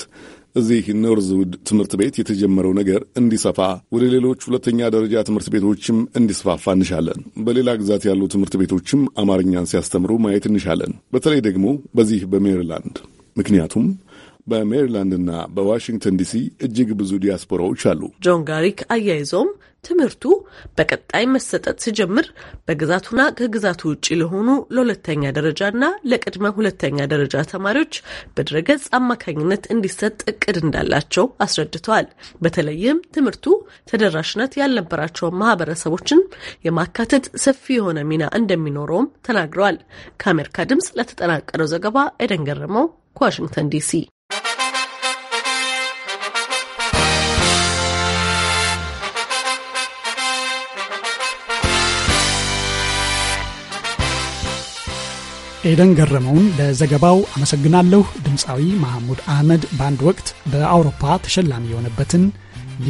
እዚህ ኖርዝውድ ትምህርት ቤት የተጀመረው ነገር እንዲሰፋ ወደ ሌሎች ሁለተኛ ደረጃ ትምህርት ቤቶችም እንዲስፋፋ እንሻለን። በሌላ ግዛት ያሉ ትምህርት ቤቶችም አማርኛን ሲያስተምሩ ማየት እንሻለን። በተለይ ደግሞ በዚህ በሜሪላንድ ምክንያቱም በሜሪላንድና በዋሽንግተን ዲሲ እጅግ ብዙ ዲያስፖራዎች አሉ። ጆን ጋሪክ አያይዘውም ትምህርቱ በቀጣይ መሰጠት ሲጀምር በግዛቱና ከግዛቱ ውጭ ለሆኑ ለሁለተኛ ደረጃና ለቅድመ ሁለተኛ ደረጃ ተማሪዎች በድረገጽ አማካኝነት እንዲሰጥ እቅድ እንዳላቸው አስረድተዋል። በተለይም ትምህርቱ ተደራሽነት ያልነበራቸውን ማህበረሰቦችን የማካተት ሰፊ የሆነ ሚና እንደሚኖረውም ተናግረዋል። ከአሜሪካ ድምጽ ለተጠናቀረው ዘገባ ኤደን ገረመው ከዋሽንግተን ዲሲ ኤደን ገረመውን ለዘገባው አመሰግናለሁ። ድምፃዊ መሐሙድ አህመድ በአንድ ወቅት በአውሮፓ ተሸላሚ የሆነበትን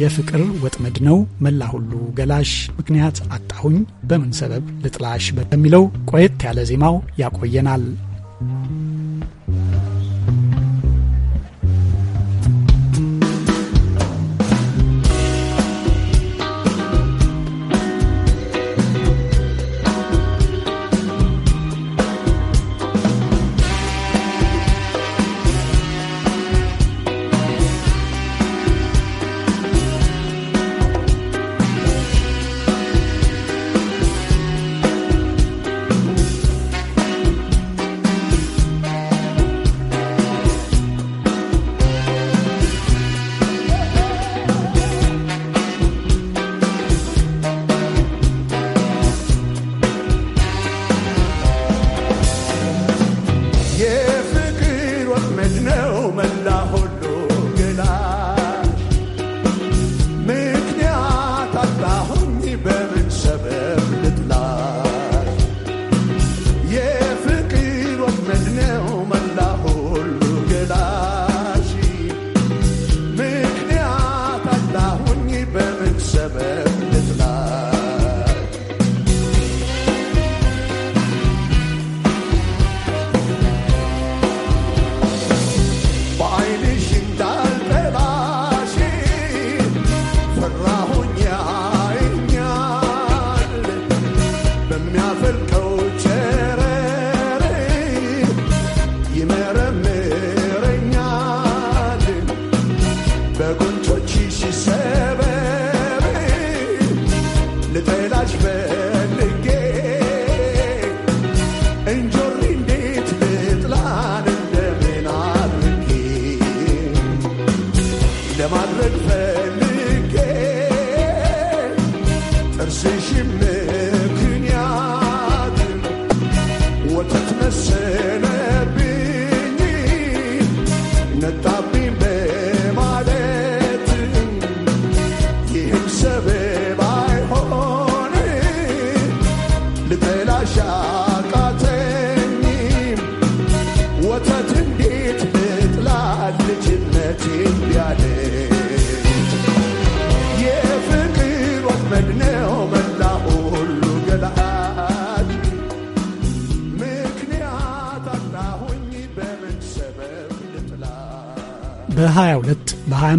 የፍቅር ወጥመድ ነው መላ ሁሉ ገላሽ ምክንያት አጣሁኝ በምን ሰበብ ልጥላሽ በሚለው ቆየት ያለ ዜማው ያቆየናል።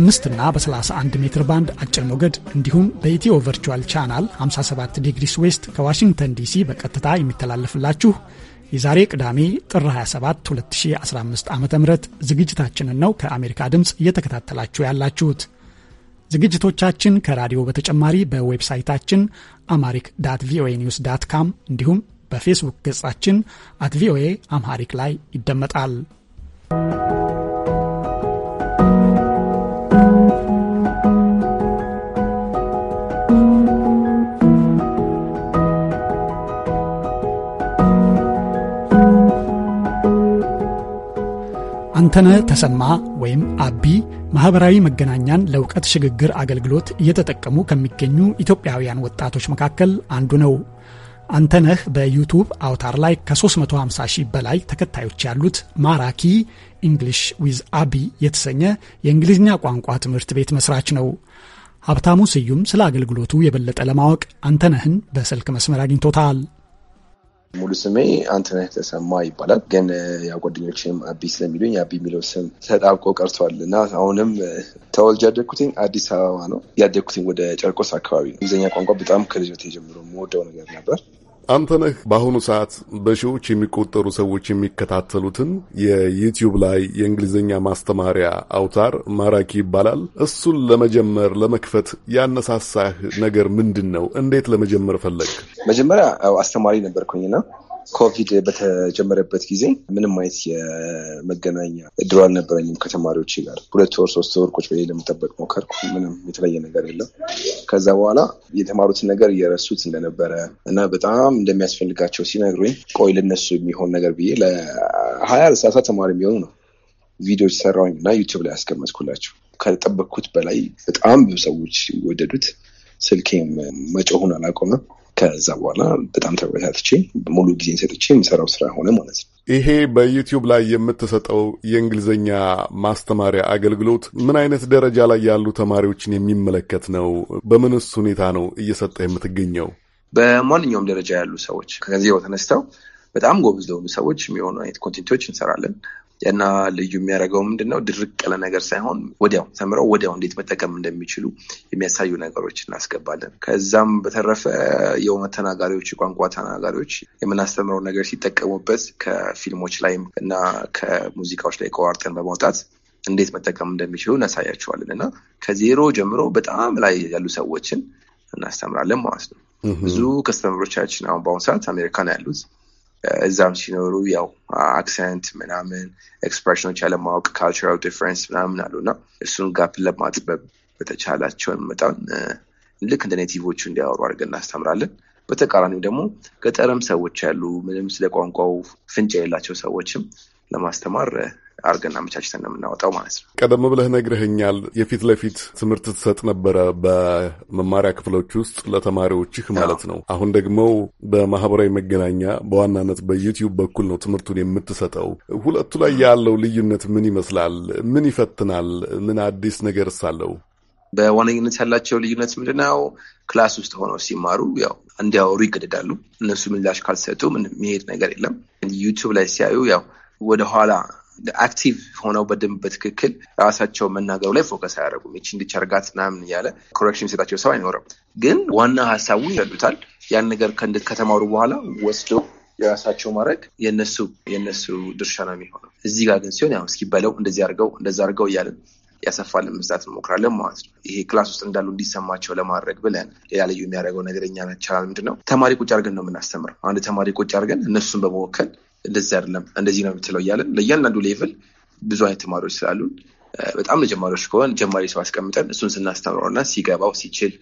በ25 እና በ31 ሜትር ባንድ አጭር ሞገድ እንዲሁም በኢትዮ ቨርቹዋል ቻናል 57 ዲግሪስ ዌስት ከዋሽንግተን ዲሲ በቀጥታ የሚተላለፍላችሁ የዛሬ ቅዳሜ ጥር 27 2015 ዓ ም ዝግጅታችንን ነው ከአሜሪካ ድምፅ እየተከታተላችሁ ያላችሁት። ዝግጅቶቻችን ከራዲዮ በተጨማሪ በዌብሳይታችን አማሪክ ዳት ቪኦኤ ኒውስ ዳት ካም እንዲሁም በፌስቡክ ገጻችን አት ቪኦኤ አምሃሪክ ላይ ይደመጣል። አንተነህ ተሰማ ወይም አቢ ማኅበራዊ መገናኛን ለእውቀት ሽግግር አገልግሎት እየተጠቀሙ ከሚገኙ ኢትዮጵያውያን ወጣቶች መካከል አንዱ ነው። አንተነህ በዩቱብ አውታር ላይ ከ350 ሺህ በላይ ተከታዮች ያሉት ማራኪ ኢንግሊሽ ዊዝ አቢ የተሰኘ የእንግሊዝኛ ቋንቋ ትምህርት ቤት መስራች ነው። ሀብታሙ ስዩም ስለ አገልግሎቱ የበለጠ ለማወቅ አንተነህን በስልክ መስመር አግኝቶታል። ሙሉ ስሜ አንተነህ ተሰማ ይባላል። ግን ያው ጓደኞችም አቢ ስለሚሉኝ አቢ የሚለው ስም ተጣብቆ ቀርቷል እና አሁንም ተወልጅ ያደግኩትኝ አዲስ አበባ ነው። ያደግኩትኝ ወደ ጨርቆስ አካባቢ ነው። እንግሊዝኛ ቋንቋ በጣም ከልጅነት ጀምሮ የምወደው ነገር ነበር። አንተነህ በአሁኑ ሰዓት በሺዎች የሚቆጠሩ ሰዎች የሚከታተሉትን የዩቲዩብ ላይ የእንግሊዝኛ ማስተማሪያ አውታር ማራኪ ይባላል። እሱን ለመጀመር ለመክፈት ያነሳሳህ ነገር ምንድን ነው? እንዴት ለመጀመር ፈለግ? መጀመሪያ አስተማሪ ነበርኩኝና ኮቪድ በተጀመረበት ጊዜ ምንም አይነት የመገናኛ እድሮ አልነበረኝም ከተማሪዎች ጋር ሁለት ወር ሶስት ወር ቁጭ ብዬ ለመጠበቅ ሞከርኩ። ምንም የተለየ ነገር የለም። ከዛ በኋላ የተማሩትን ነገር እየረሱት እንደነበረ እና በጣም እንደሚያስፈልጋቸው ሲነግሩኝ ቆይ ልነሱ የሚሆን ነገር ብዬ ለሀያ ሰላሳ ተማሪ የሚሆኑ ነው ቪዲዮ ሰራሁኝ እና ዩቱብ ላይ ያስቀመጥኩላቸው ከጠበቅኩት በላይ በጣም ብዙ ሰዎች ወደዱት። ስልኬም መጮሁን አላቆምም ከዛ በኋላ በጣም ተበታትቼ ሙሉ ጊዜ ሰጥቼ የሚሰራው ስራ ሆነ ማለት ነው። ይሄ በዩቲዩብ ላይ የምትሰጠው የእንግሊዝኛ ማስተማሪያ አገልግሎት ምን አይነት ደረጃ ላይ ያሉ ተማሪዎችን የሚመለከት ነው? በምንስ ሁኔታ ነው እየሰጠ የምትገኘው? በማንኛውም ደረጃ ያሉ ሰዎች ከዚያው ተነስተው በጣም ጎበዝ ለሆኑ ሰዎች የሚሆኑ አይነት ኮንቴንቶች እንሰራለን። እና ልዩ የሚያደርገው ምንድን ነው? ድርቅ ያለ ነገር ሳይሆን ወዲያው ተምረው ወዲያው እንዴት መጠቀም እንደሚችሉ የሚያሳዩ ነገሮች እናስገባለን። ከዛም በተረፈ የእውነት ተናጋሪዎች፣ የቋንቋ ተናጋሪዎች የምናስተምረው ነገር ሲጠቀሙበት ከፊልሞች ላይ እና ከሙዚቃዎች ላይ ቆራርጠን በማውጣት እንዴት መጠቀም እንደሚችሉ እናሳያቸዋለን እና ከዜሮ ጀምሮ በጣም ላይ ያሉ ሰዎችን እናስተምራለን ማለት ነው። ብዙ ከስተምሮቻችን አሁን በአሁኑ ሰዓት አሜሪካን ያሉት እዛም ሲኖሩ ያው አክሰንት ምናምን ኤክስፕሬሽኖች ያለማወቅ ካልቸራል ዲፍረንስ ምናምን አሉና እሱን ጋፕ ለማጥበብ በተቻላቸውን መጠን ልክ እንደ ኔቲቮቹ እንዲያወሩ አድርገን እናስተምራለን። በተቃራኒው ደግሞ ገጠርም ሰዎች ያሉ ምንም ስለ ቋንቋው ፍንጫ የሌላቸው ሰዎችም ለማስተማር አድርገን አመቻችተን ነው የምናወጣው ማለት ነው። ቀደም ብለህ ነግረህኛል፣ የፊት ለፊት ትምህርት ትሰጥ ነበረ በመማሪያ ክፍሎች ውስጥ ለተማሪዎችህ ማለት ነው። አሁን ደግሞ በማህበራዊ መገናኛ በዋናነት በዩቲዩብ በኩል ነው ትምህርቱን የምትሰጠው። ሁለቱ ላይ ያለው ልዩነት ምን ይመስላል? ምን ይፈትናል? ምን አዲስ ነገር ሳለው? በዋነኝነት ያላቸው ልዩነት ምንድነው? ክላስ ውስጥ ሆነው ሲማሩ ያው እንዲያወሩ ይገደዳሉ። እነሱ ምላሽ ካልሰጡ ምን የሚሄድ ነገር የለም። ዩቲዩብ ላይ ሲያዩ ያው ወደኋላ አክቲቭ ሆነው በደንብ በትክክል ራሳቸው መናገሩ ላይ ፎከስ አያደርጉም። ይቺ እንዲቸርጋት ምናምን እያለ ኮሬክሽን የሚሰጣቸው ሰው አይኖርም። ግን ዋና ሀሳቡን ይረዱታል። ያን ነገር ከተማሩ በኋላ ወስዶ የራሳቸው ማድረግ የነሱ የነሱ ድርሻ ነው የሚሆነው። እዚህ ጋር ግን ሲሆን ያው እስኪ በለው እንደዚህ አድርገው እንደዛ አድርገው እያለን ያሰፋል መስጣት እንሞክራለን ማለት ነው። ይሄ ክላስ ውስጥ እንዳሉ እንዲሰማቸው ለማድረግ ብለን ሌላ ልዩ የሚያደርገው ነገር እኛ ምንድን ነው ተማሪ ቁጭ አድርገን ነው የምናስተምረው። አንድ ተማሪ ቁጭ አድርገን እነሱን በመወከል እንደዚህ አይደለም እንደዚህ ነው የምትለው እያለን ለእያንዳንዱ ሌቭል ብዙ አይነት ተማሪዎች ስላሉን በጣም ለጀማሪዎች ከሆን ጀማሪ ሰው አስቀምጠን እሱን ስናስተምረው እና ሲገባው ሲችል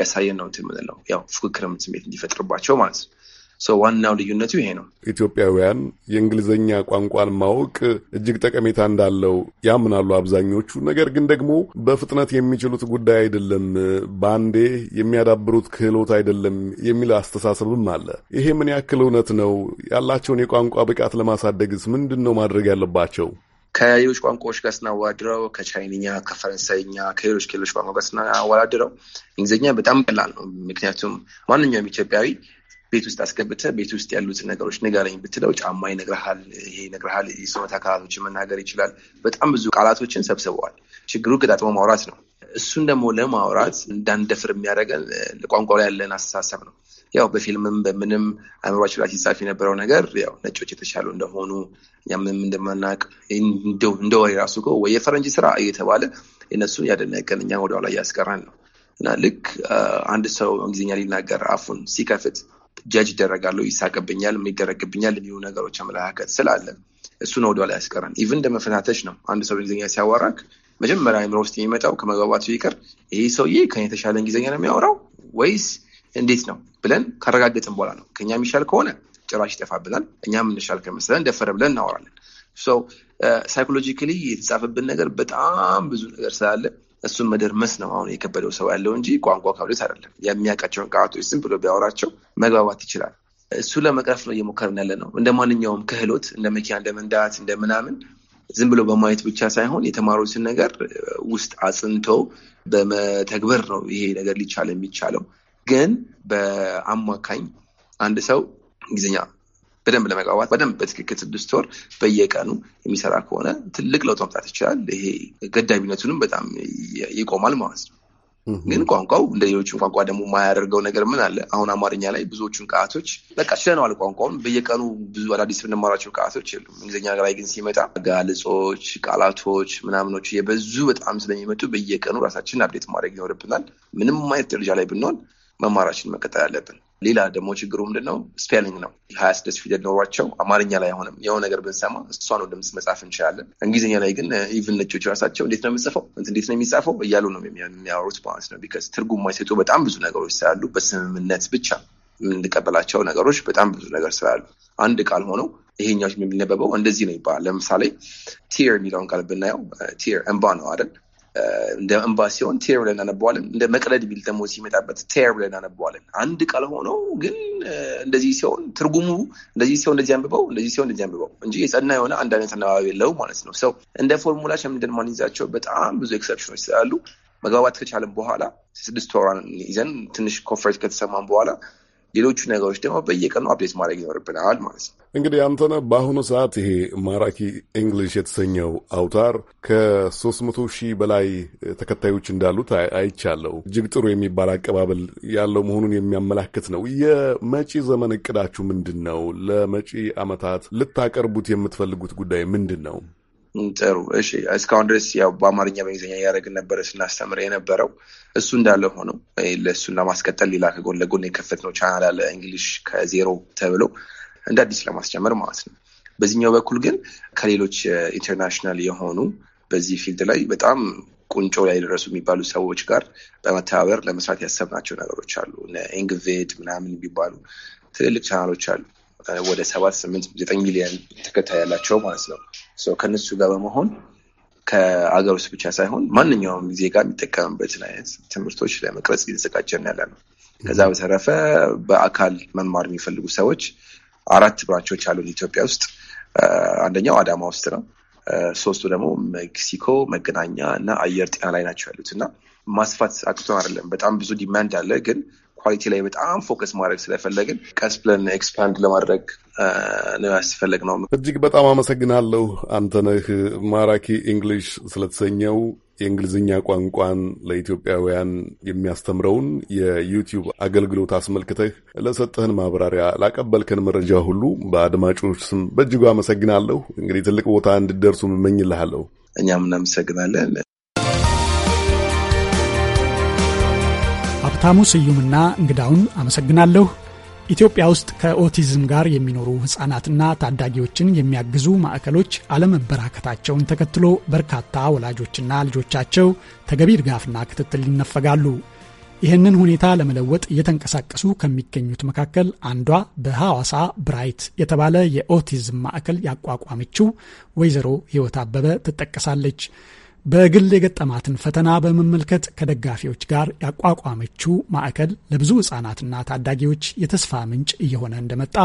ያሳየን ነው ትምንለው ያው ፉክክርም ስሜት እንዲፈጥርባቸው ማለት ነው። ሰው ዋናው ልዩነቱ ይሄ ነው። ኢትዮጵያውያን የእንግሊዝኛ ቋንቋን ማወቅ እጅግ ጠቀሜታ እንዳለው ያምናሉ አብዛኞቹ። ነገር ግን ደግሞ በፍጥነት የሚችሉት ጉዳይ አይደለም፣ በአንዴ የሚያዳብሩት ክህሎት አይደለም የሚል አስተሳሰብም አለ። ይሄ ምን ያክል እውነት ነው? ያላቸውን የቋንቋ ብቃት ለማሳደግስ ምንድን ነው ማድረግ ያለባቸው? ከሌሎች ቋንቋዎች ጋር ስናዋድረው ከቻይንኛ፣ ከፈረንሳይኛ፣ ከሌሎች ከሌሎች ቋንቋ ጋር ስናዋዳድረው እንግሊዝኛ በጣም ቀላል ነው። ምክንያቱም ማንኛውም ኢትዮጵያዊ ቤት ውስጥ አስገብተህ ቤት ውስጥ ያሉትን ነገሮች ንገረኝ ብትለው ጫማ ይነግረሃል፣ ይሄ ይነግረሃል፣ የሰውነት አካላቶችን መናገር ይችላል። በጣም ብዙ ቃላቶችን ሰብስበዋል። ችግሩ ገጣጥሞ ማውራት ነው። እሱን ደግሞ ለማውራት እንዳንደፍር የሚያደርገን ቋንቋ ላይ ያለን አስተሳሰብ ነው። ያው በፊልምም በምንም አእምሯቸው ላይ ሲጻፍ የነበረው ነገር ያው ነጮች የተሻሉ እንደሆኑ ያምንም እንደማናቅ እንደ ወሬ ራሱ እኮ ወይ የፈረንጅ ስራ እየተባለ የነሱን ያደነቀን እኛን ወደኋላ እያስቀራን ነው እና ልክ አንድ ሰው እንግሊዝኛ ሊናገር አፉን ሲከፍት ጃጅ ይደረጋለሁ፣ ይሳቅብኛል፣ የሚደረግብኛል የሚሉ ነገሮች አመለካከት ስላለ እሱ ነው ወደኋላ ያስቀረን። ኢቭን እንደ መፈናተሽ ነው። አንድ ሰው እንግሊዝኛ ሲያዋራክ መጀመሪያ አእምሮ ውስጥ የሚመጣው ከመግባባቱ ይቅር ይህ ሰውዬ ከኔ የተሻለ እንግሊዝኛ ነው የሚያወራው ወይስ እንዴት ነው ብለን ካረጋገጥን በኋላ ነው። ከኛ የሚሻል ከሆነ ጭራሽ ይጠፋብናል። እኛም እንሻል ከመሰለን ደፈረ ብለን እናወራለን። ሳይኮሎጂካሊ የተጻፈብን ነገር በጣም ብዙ ነገር ስላለን እሱን መደርመስ ነው አሁን የከበደው ሰው ያለው እንጂ ቋንቋ ካብሌት አይደለም። የሚያውቃቸውን ቃላቶች ዝም ብሎ ቢያወራቸው መግባባት ይችላል። እሱ ለመቅረፍ ነው እየሞከርን ያለ ነው። እንደ ማንኛውም ክህሎት እንደ መኪና እንደ መንዳት እንደ ምናምን ዝም ብሎ በማየት ብቻ ሳይሆን የተማሩትን ነገር ውስጥ አጽንቶ በመተግበር ነው ይሄ ነገር ሊቻል የሚቻለው። ግን በአማካኝ አንድ ሰው እንግሊዝኛ በደንብ ለመግባባት በደንብ በትክክል ስድስት ወር በየቀኑ የሚሰራ ከሆነ ትልቅ ለውጥ መምጣት ይችላል። ይሄ ገዳቢነቱንም በጣም ይቆማል ማለት ነው። ግን ቋንቋው እንደ ሌሎችን ቋንቋ ደግሞ የማያደርገው ነገር ምን አለ? አሁን አማርኛ ላይ ብዙዎቹን ቃቶች በቃ ችለነዋል። ቋንቋውን በየቀኑ ብዙ አዳዲስ የምንማራቸው ቃቶች የሉም። እንግሊዝኛ ላይ ግን ሲመጣ ጋልጾች፣ ቃላቶች ምናምኖች የበዙ በጣም ስለሚመጡ በየቀኑ ራሳችንን አብዴት ማድረግ ይኖርብናል። ምንም አይነት ደረጃ ላይ ብንሆን መማራችን መቀጠል አለብን። ሌላ ደግሞ ችግሩ ምንድን ነው? ስፔሊንግ ነው። ሀያ ስድስት ፊደል ኖሯቸው አማርኛ ላይ አሁንም የሆነ ነገር ብንሰማ እሷ ነው ድምፅ መጻፍ እንችላለን። እንግሊዝኛ ላይ ግን ኢቭን ነጮች ራሳቸው እንዴት ነው የሚጽፈው እንዴት ነው የሚጻፈው እያሉ ነው የሚያወሩት ማለት ነው። ቢካዝ ትርጉም ማይሰጡ በጣም ብዙ ነገሮች ስላሉ በስምምነት ብቻ የምንቀበላቸው ነገሮች በጣም ብዙ ነገር ስላሉ አንድ ቃል ሆነው ይሄኛዎች የሚነበበው እንደዚህ ነው ይባላል። ለምሳሌ ቲር የሚለውን ቃል ብናየው ቲር እንባ ነው አይደል? እንደ ኤምባሲዮን ቴር ብለን አነበዋለን። እንደ መቅለድ ቢል ደግሞ ሲመጣበት ቴር ብለን አነበዋለን። አንድ ቃል ሆኖ ግን እንደዚህ ሲሆን ትርጉሙ እንደዚህ ሲሆን እንደዚህ አንብበው፣ እንደዚህ ሲሆን እንደዚህ አንብበው እንጂ የጸና የሆነ አንድ አይነት አነባቢ የለው ማለት ነው። ሰው እንደ ፎርሙላ ሸምደን ማንይዛቸው በጣም ብዙ ኤክሰፕሽኖች ስላሉ መግባባት ከቻለን በኋላ ስድስት ወራን ይዘን ትንሽ ኮንፈረንስ ከተሰማን በኋላ ሌሎቹ ነገሮች ደግሞ በየቀኑ አፕዴት ማድረግ ይኖርብናል ማለት ነው። እንግዲህ አንተነ በአሁኑ ሰዓት ይሄ ማራኪ እንግሊሽ የተሰኘው አውታር ከሶስት መቶ ሺህ በላይ ተከታዮች እንዳሉት አይቻለው። እጅግ ጥሩ የሚባል አቀባበል ያለው መሆኑን የሚያመላክት ነው። የመጪ ዘመን እቅዳችሁ ምንድን ነው? ለመጪ ዓመታት ልታቀርቡት የምትፈልጉት ጉዳይ ምንድን ነው? ጥሩ እሺ። እስካሁን ድረስ ያው በአማርኛ በእንግሊዝኛ እያደረግን ነበረ ስናስተምር የነበረው እሱ እንዳለ ሆነው ለእሱን ለማስቀጠል ሌላ ከጎን ለጎን የከፈትነው ቻናል አለ እንግሊሽ ከዜሮ ተብሎ እንደ አዲስ ለማስጀመር ማለት ነው። በዚህኛው በኩል ግን ከሌሎች ኢንተርናሽናል የሆኑ በዚህ ፊልድ ላይ በጣም ቁንጮ ላይ የደረሱ የሚባሉ ሰዎች ጋር በመተባበር ለመስራት ያሰብናቸው ነገሮች አሉ። ኤንግቬድ ምናምን የሚባሉ ትልልቅ ቻናሎች አሉ። ወደ ሰባት ስምንት ዘጠኝ ሚሊዮን ተከታይ ያላቸው ማለት ነው። ከነሱ ጋር በመሆን ከአገር ውስጥ ብቻ ሳይሆን ማንኛውም ዜጋ የሚጠቀምበት አይነት ትምህርቶች ለመቅረጽ እየተዘጋጀን ያለ ነው። ከዛ በተረፈ በአካል መማር የሚፈልጉ ሰዎች አራት ብራንቾች አሉን ኢትዮጵያ ውስጥ። አንደኛው አዳማ ውስጥ ነው። ሶስቱ ደግሞ ሜክሲኮ፣ መገናኛ እና አየር ጤና ላይ ናቸው ያሉት እና ማስፋት አቅቶ አይደለም። በጣም ብዙ ዲማንድ አለ ግን ኳሊቲ ላይ በጣም ፎከስ ማድረግ ስለፈለግን ቀስ ብለን ኤክስፓንድ ለማድረግ ነው ያስፈለግ ነው። እጅግ በጣም አመሰግናለሁ። አንተነህ ማራኪ ኢንግሊሽ ስለተሰኘው የእንግሊዝኛ ቋንቋን ለኢትዮጵያውያን የሚያስተምረውን የዩቲዩብ አገልግሎት አስመልክተህ ለሰጠህን ማብራሪያ፣ ላቀበልከን መረጃ ሁሉ በአድማጮች ስም በእጅጉ አመሰግናለሁ። እንግዲህ ትልቅ ቦታ እንድደርሱ እመኝልሃለሁ። እኛም እናመሰግናለን። ሀብታሙ ስዩምና እንግዳውን አመሰግናለሁ። ኢትዮጵያ ውስጥ ከኦቲዝም ጋር የሚኖሩ ሕፃናትና ታዳጊዎችን የሚያግዙ ማዕከሎች አለመበራከታቸውን ተከትሎ በርካታ ወላጆችና ልጆቻቸው ተገቢ ድጋፍና ክትትል ይነፈጋሉ። ይህንን ሁኔታ ለመለወጥ እየተንቀሳቀሱ ከሚገኙት መካከል አንዷ በሐዋሳ ብራይት የተባለ የኦቲዝም ማዕከል ያቋቋመችው ወይዘሮ ሕይወት አበበ ትጠቀሳለች። በግል የገጠማትን ፈተና በመመልከት ከደጋፊዎች ጋር ያቋቋመችው ማዕከል ለብዙ ሕጻናትና ታዳጊዎች የተስፋ ምንጭ እየሆነ እንደመጣ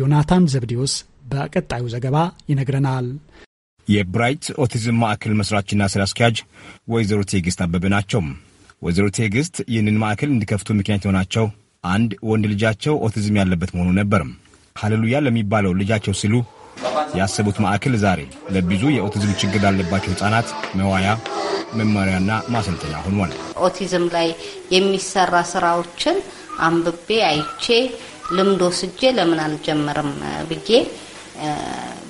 ዮናታን ዘብዴዎስ በቀጣዩ ዘገባ ይነግረናል። የብራይት ኦቲዝም ማዕከል መስራችና ስራ አስኪያጅ ወይዘሮ ቴግስት አበበ ናቸው። ወይዘሮ ቴግስት ይህንን ማዕከል እንዲከፍቱ ምክንያት የሆናቸው አንድ ወንድ ልጃቸው ኦቲዝም ያለበት መሆኑ ነበር። ሀሌሉያ ለሚባለው ልጃቸው ሲሉ ያሰቡት ማዕከል ዛሬ ለብዙ የኦቲዝም ችግር ላለባቸው ህጻናት መዋያ መማሪያና ማሰልጠኛ ሆኗል። ኦቲዝም ላይ የሚሰራ ስራዎችን አንብቤ አይቼ ልምድ ወስጄ ለምን አልጀመርም ብዬ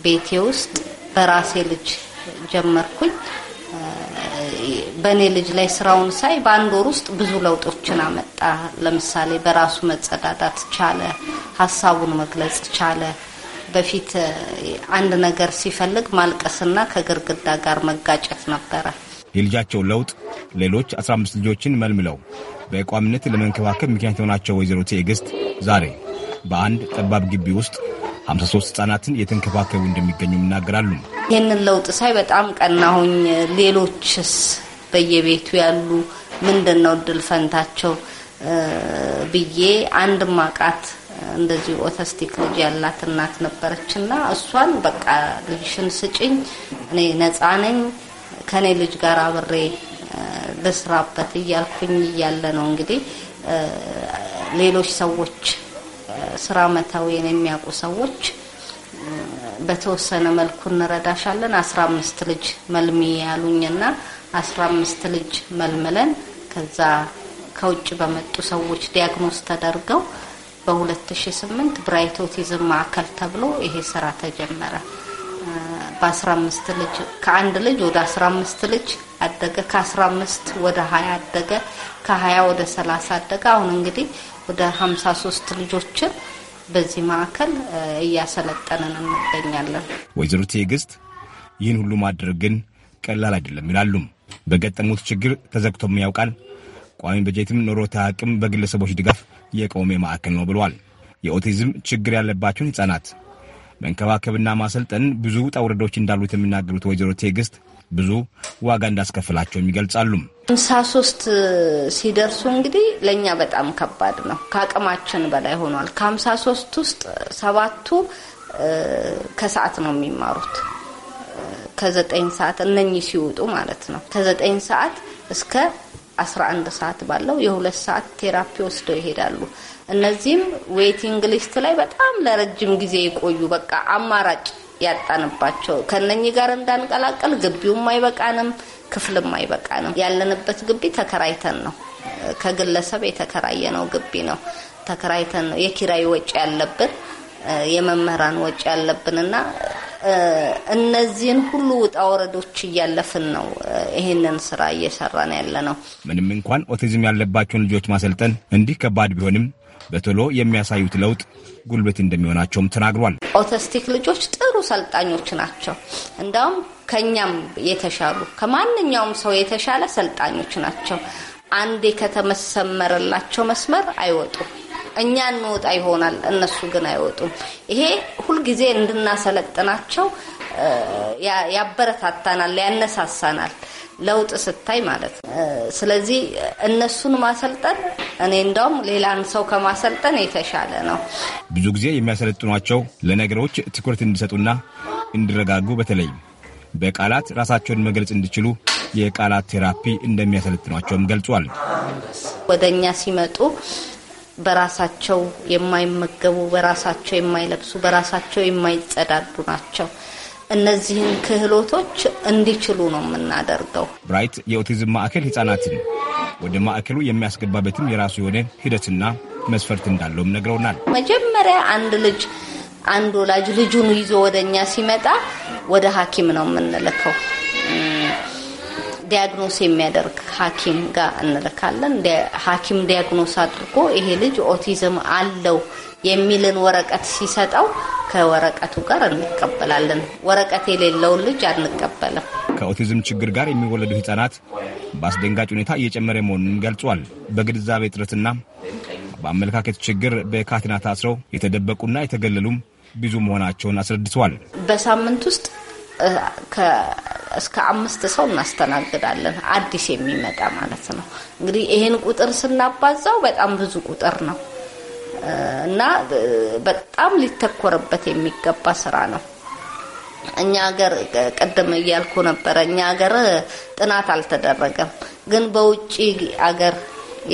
ቤቴ ውስጥ በራሴ ልጅ ጀመርኩኝ። በእኔ ልጅ ላይ ስራውን ሳይ በአንድ ወር ውስጥ ብዙ ለውጦችን አመጣ። ለምሳሌ በራሱ መጸዳዳት ቻለ፣ ሀሳቡን መግለጽ ቻለ፣ በፊት አንድ ነገር ሲፈልግ ማልቀስና ከግርግዳ ጋር መጋጨት ነበረ። የልጃቸው ለውጥ ሌሎች 15 ልጆችን መልምለው በቋሚነት ለመንከባከብ ምክንያት የሆናቸው ወይዘሮ ትዕግስት ዛሬ በአንድ ጠባብ ግቢ ውስጥ 53 ህጻናትን እየተንከባከቡ እንደሚገኙ ይናገራሉ። ይህንን ለውጥ ሳይ በጣም ቀናሁኝ። ሌሎችስ በየቤቱ ያሉ ምንድን ነው እድል ፈንታቸው ብዬ አንድ ማቃት እንደዚህ ኦተስቲክ ልጅ ያላት እናት ነበረች እና እሷን በቃ ልጅሽን ስጭኝ፣ እኔ ነጻ ነኝ፣ ከእኔ ልጅ ጋር አብሬ ልስራበት እያልኩኝ እያለ ነው እንግዲህ ሌሎች ሰዎች ስራ መተውን የሚያውቁ ሰዎች በተወሰነ መልኩ እንረዳሻለን አስራ አምስት ልጅ መልሚ ያሉኝና አስራ አምስት ልጅ መልምለን ከዛ ከውጭ በመጡ ሰዎች ዲያግኖስ ተደርገው በ2008 ብራይት ኦቲዝም ማዕከል ተብሎ ይሄ ስራ ተጀመረ። በ15 ልጅ ከአንድ ልጅ ወደ 15 ልጅ አደገ። ከ15 ወደ 20 አደገ። ከ20 ወደ 30 አደገ። አሁን እንግዲህ ወደ 53 ልጆችን በዚህ ማዕከል እያሰለጠንን እንገኛለን። ወይዘሮ ትዕግስት ይህን ሁሉ ማድረግ ግን ቀላል አይደለም ይላሉም። በገጠሙት ችግር ተዘግቶም ያውቃል ቋሚ በጀትም ኖሮት አያውቅም። በግለሰቦች ድጋፍ የቆመ ማዕከል ነው ብሏል። የኦቲዝም ችግር ያለባቸውን ህጻናት መንከባከብና ማሰልጠን ብዙ ውጣ ውረዶች እንዳሉት የሚናገሩት ወይዘሮ ቴግስት ብዙ ዋጋ እንዳስከፍላቸውም ይገልጻሉ። እንሳ ሶስት ሲደርሱ እንግዲህ ለእኛ በጣም ከባድ ነው። ከአቅማችን በላይ ሆኗል። ከሀምሳ ሶስት ውስጥ ሰባቱ ከሰዓት ነው የሚማሩት ከዘጠኝ ሰዓት እነኚህ ሲወጡ ማለት ነው ከዘጠኝ ሰዓት እስከ 11 ሰዓት ባለው የሁለት ሰዓት ቴራፒ ወስደው ይሄዳሉ። እነዚህም ዌቲንግ ሊስት ላይ በጣም ለረጅም ጊዜ ይቆዩ በቃ አማራጭ ያጣንባቸው ከነኚህ ጋር እንዳንቀላቀል ግቢውም አይበቃንም፣ ክፍልም አይበቃንም። ያለንበት ግቢ ተከራይተን ነው፣ ከግለሰብ የተከራየነው ግቢ ነው። ተከራይተን ነው የኪራይ ወጪ ያለብን የመምህራን ወጪ ያለብንና እነዚህን ሁሉ ውጣ ወረዶች እያለፍን ነው ይህንን ስራ እየሰራን ያለ ነው። ምንም እንኳን ኦቲዝም ያለባቸውን ልጆች ማሰልጠን እንዲህ ከባድ ቢሆንም በቶሎ የሚያሳዩት ለውጥ ጉልበት እንደሚሆናቸውም ተናግሯል። ኦቲስቲክ ልጆች ጥሩ ሰልጣኞች ናቸው። እንዳውም ከኛም የተሻሉ ከማንኛውም ሰው የተሻለ ሰልጣኞች ናቸው። አንዴ ከተመሰመረላቸው መስመር አይወጡም። እኛ እንወጣ ይሆናል፣ እነሱ ግን አይወጡም። ይሄ ሁልጊዜ እንድናሰለጥናቸው ያበረታታናል፣ ያነሳሳናል ለውጥ ስታይ ማለት ነው። ስለዚህ እነሱን ማሰልጠን እኔ እንደውም ሌላን ሰው ከማሰልጠን የተሻለ ነው። ብዙ ጊዜ የሚያሰለጥኗቸው ለነገሮች ትኩረት እንዲሰጡና እንዲረጋጉ በተለይም በቃላት ራሳቸውን መግለጽ እንዲችሉ የቃላት ቴራፒ እንደሚያሰለጥኗቸውም ገልጿል። ወደ እኛ ሲመጡ በራሳቸው የማይመገቡ፣ በራሳቸው የማይለብሱ፣ በራሳቸው የማይጸዳዱ ናቸው። እነዚህን ክህሎቶች እንዲችሉ ነው የምናደርገው። ብራይት የኦቲዝም ማዕከል ህጻናትን ወደ ማዕከሉ የሚያስገባበትም የራሱ የሆነ ሂደትና መስፈርት እንዳለውም ነግረውናል። መጀመሪያ አንድ ልጅ አንድ ወላጅ ልጁን ይዞ ወደ እኛ ሲመጣ ወደ ሐኪም ነው የምንልከው። ዲያግኖስ የሚያደርግ ሐኪም ጋር እንልካለን። ሐኪም ዲያግኖስ አድርጎ ይሄ ልጅ ኦቲዝም አለው የሚልን ወረቀት ሲሰጠው ከወረቀቱ ጋር እንቀበላለን። ወረቀት የሌለውን ልጅ አንቀበልም። ከኦቲዝም ችግር ጋር የሚወለዱ ህጻናት በአስደንጋጭ ሁኔታ እየጨመረ መሆኑንም ገልጿል። በግንዛቤ እጥረትና በአመለካከት ችግር በካቴና ታስረው የተደበቁና የተገለሉም ብዙ መሆናቸውን አስረድተዋል። በሳምንት ውስጥ እስከ አምስት ሰው እናስተናግዳለን። አዲስ የሚመጣ ማለት ነው። እንግዲህ ይሄን ቁጥር ስናባዛው በጣም ብዙ ቁጥር ነው እና በጣም ሊተኮርበት የሚገባ ስራ ነው። እኛ ሀገር ቀደም እያልኩ ነበረ፣ እኛ ሀገር ጥናት አልተደረገም። ግን በውጭ ሀገር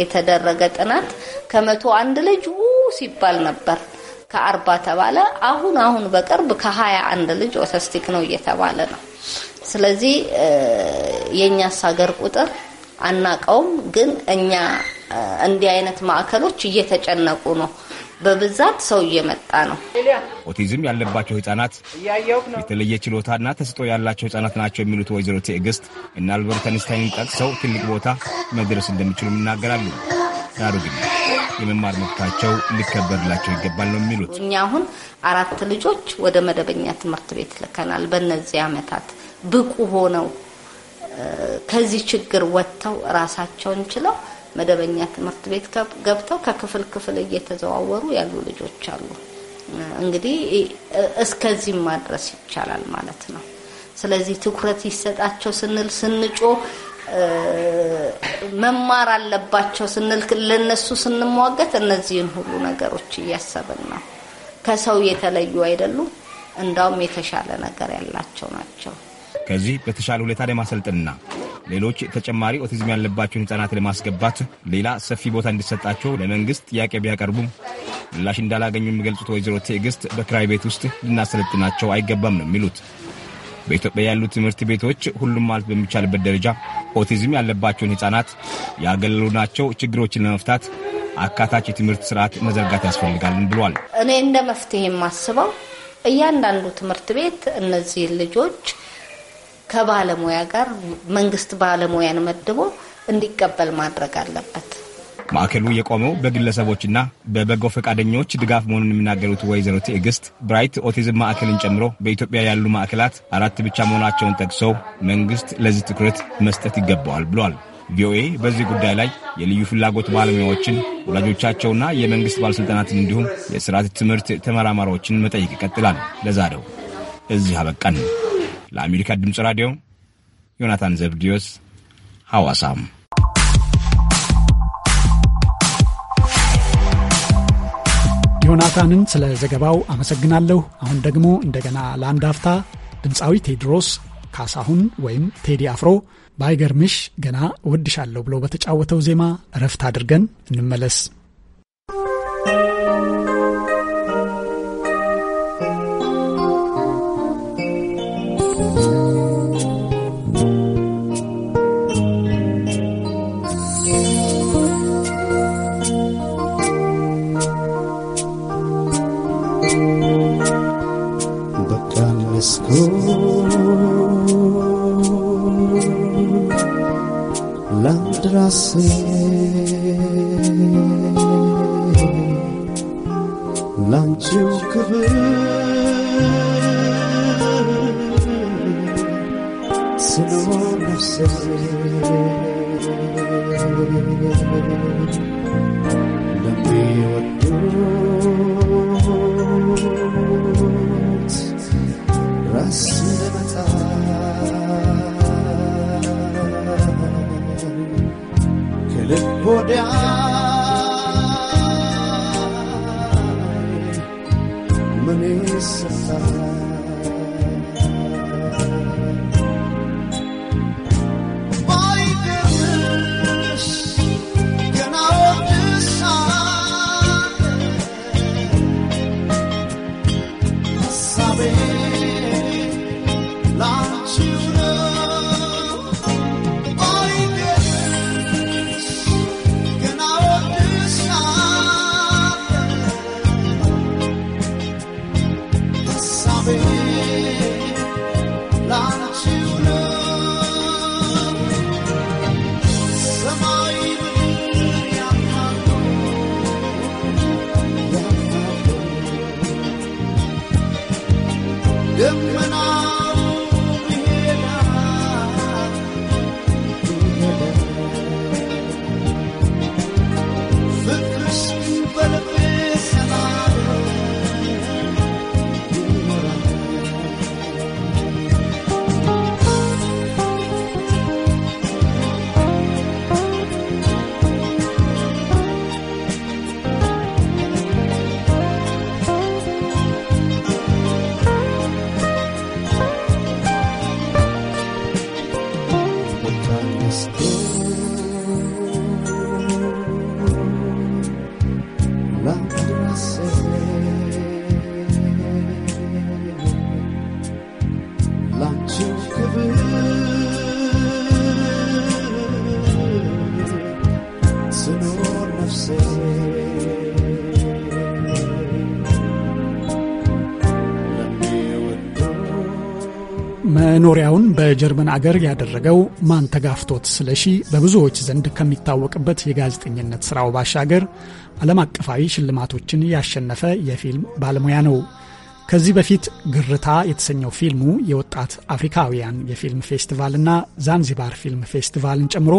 የተደረገ ጥናት ከመቶ አንድ ልጅ ሲባል ነበር ከአርባ ተባለ። አሁን አሁን በቅርብ ከሀያ አንድ ልጅ ኦተስቲክ ነው እየተባለ ነው። ስለዚህ የእኛስ ሀገር ቁጥር አናቀውም፣ ግን እኛ እንዲህ አይነት ማዕከሎች እየተጨነቁ ነው። በብዛት ሰው እየመጣ ነው። ኦቲዝም ያለባቸው ህጻናት የተለየ ችሎታና ተስጦ ያላቸው ህጻናት ናቸው የሚሉት ወይዘሮ ትዕግስት እና አልበርት አንስታይንን ጠቅሰው ትልቅ ቦታ መድረስ እንደሚችሉ ይናገራሉ። ዳሩ ግን የመማር መብታቸው ሊከበርላቸው ይገባል ነው የሚሉት። እኛ አሁን አራት ልጆች ወደ መደበኛ ትምህርት ቤት ልከናል። በእነዚህ አመታት ብቁ ሆነው ከዚህ ችግር ወጥተው ራሳቸውን ችለው መደበኛ ትምህርት ቤት ገብተው ከክፍል ክፍል እየተዘዋወሩ ያሉ ልጆች አሉ። እንግዲህ እስከዚህ ማድረስ ይቻላል ማለት ነው። ስለዚህ ትኩረት ይሰጣቸው ስንል ስንጮ መማር አለባቸው ስንል ለነሱ ስንሟገት እነዚህን ሁሉ ነገሮች እያሰብን ነው። ከሰው የተለዩ አይደሉም። እንዳውም የተሻለ ነገር ያላቸው ናቸው። ከዚህ በተሻለ ሁኔታ ለማሰልጥንና ሌሎች ተጨማሪ ኦቲዝም ያለባቸውን ህጻናት ለማስገባት ሌላ ሰፊ ቦታ እንዲሰጣቸው ለመንግስት ጥያቄ ቢያቀርቡም ምላሽ እንዳላገኙ የሚገልጹት ወይዘሮ ትዕግስት በክራይ ቤት ውስጥ ልናሰለጥናቸው አይገባም ነው የሚሉት። በኢትዮጵያ ያሉ ትምህርት ቤቶች ሁሉም ማለት በሚቻልበት ደረጃ ኦቲዝም ያለባቸውን ህጻናት ናቸው ችግሮችን ለመፍታት አካታች የትምህርት ስርዓት መዘርጋት ያስፈልጋልን ብሏል። እኔ እንደ መፍትሄ የማስበው እያንዳንዱ ትምህርት ቤት እነዚህ ልጆች ከባለሙያ ጋር መንግስት ባለሙያን መድቦ እንዲቀበል ማድረግ አለበት። ማዕከሉ የቆመው በግለሰቦችና በበጎ ፈቃደኞች ድጋፍ መሆኑን የሚናገሩት ወይዘሮ ትዕግስት ብራይት ኦቲዝም ማዕከልን ጨምሮ በኢትዮጵያ ያሉ ማዕከላት አራት ብቻ መሆናቸውን ጠቅሰው መንግስት ለዚህ ትኩረት መስጠት ይገባዋል ብሏል። ቪኦኤ በዚህ ጉዳይ ላይ የልዩ ፍላጎት ባለሙያዎችን፣ ወላጆቻቸውና የመንግሥት ባለሥልጣናትን እንዲሁም የሥርዓት ትምህርት ተመራማሪዎችን መጠየቅ ይቀጥላል። ለዛሬው እዚህ አበቃን። ለአሜሪካ ድምፅ ራዲዮ ዮናታን ዘብዲዮስ ሐዋሳም ዮናታንን ስለ ዘገባው አመሰግናለሁ። አሁን ደግሞ እንደገና ለአንድ አፍታ ድምፃዊ ቴድሮስ ካሳሁን ወይም ቴዲ አፍሮ ባይገርምሽ ገና እወድሻለሁ ብሎ በተጫወተው ዜማ እረፍት አድርገን እንመለስ። መኖሪያውን በጀርመን አገር ያደረገው ማንተጋፍቶት ስለሺ በብዙዎች ዘንድ ከሚታወቅበት የጋዜጠኝነት ሥራው ባሻገር ዓለም አቀፋዊ ሽልማቶችን ያሸነፈ የፊልም ባለሙያ ነው። ከዚህ በፊት ግርታ የተሰኘው ፊልሙ የወጣት አፍሪካውያን የፊልም ፌስቲቫልና ዛንዚባር ፊልም ፌስቲቫልን ጨምሮ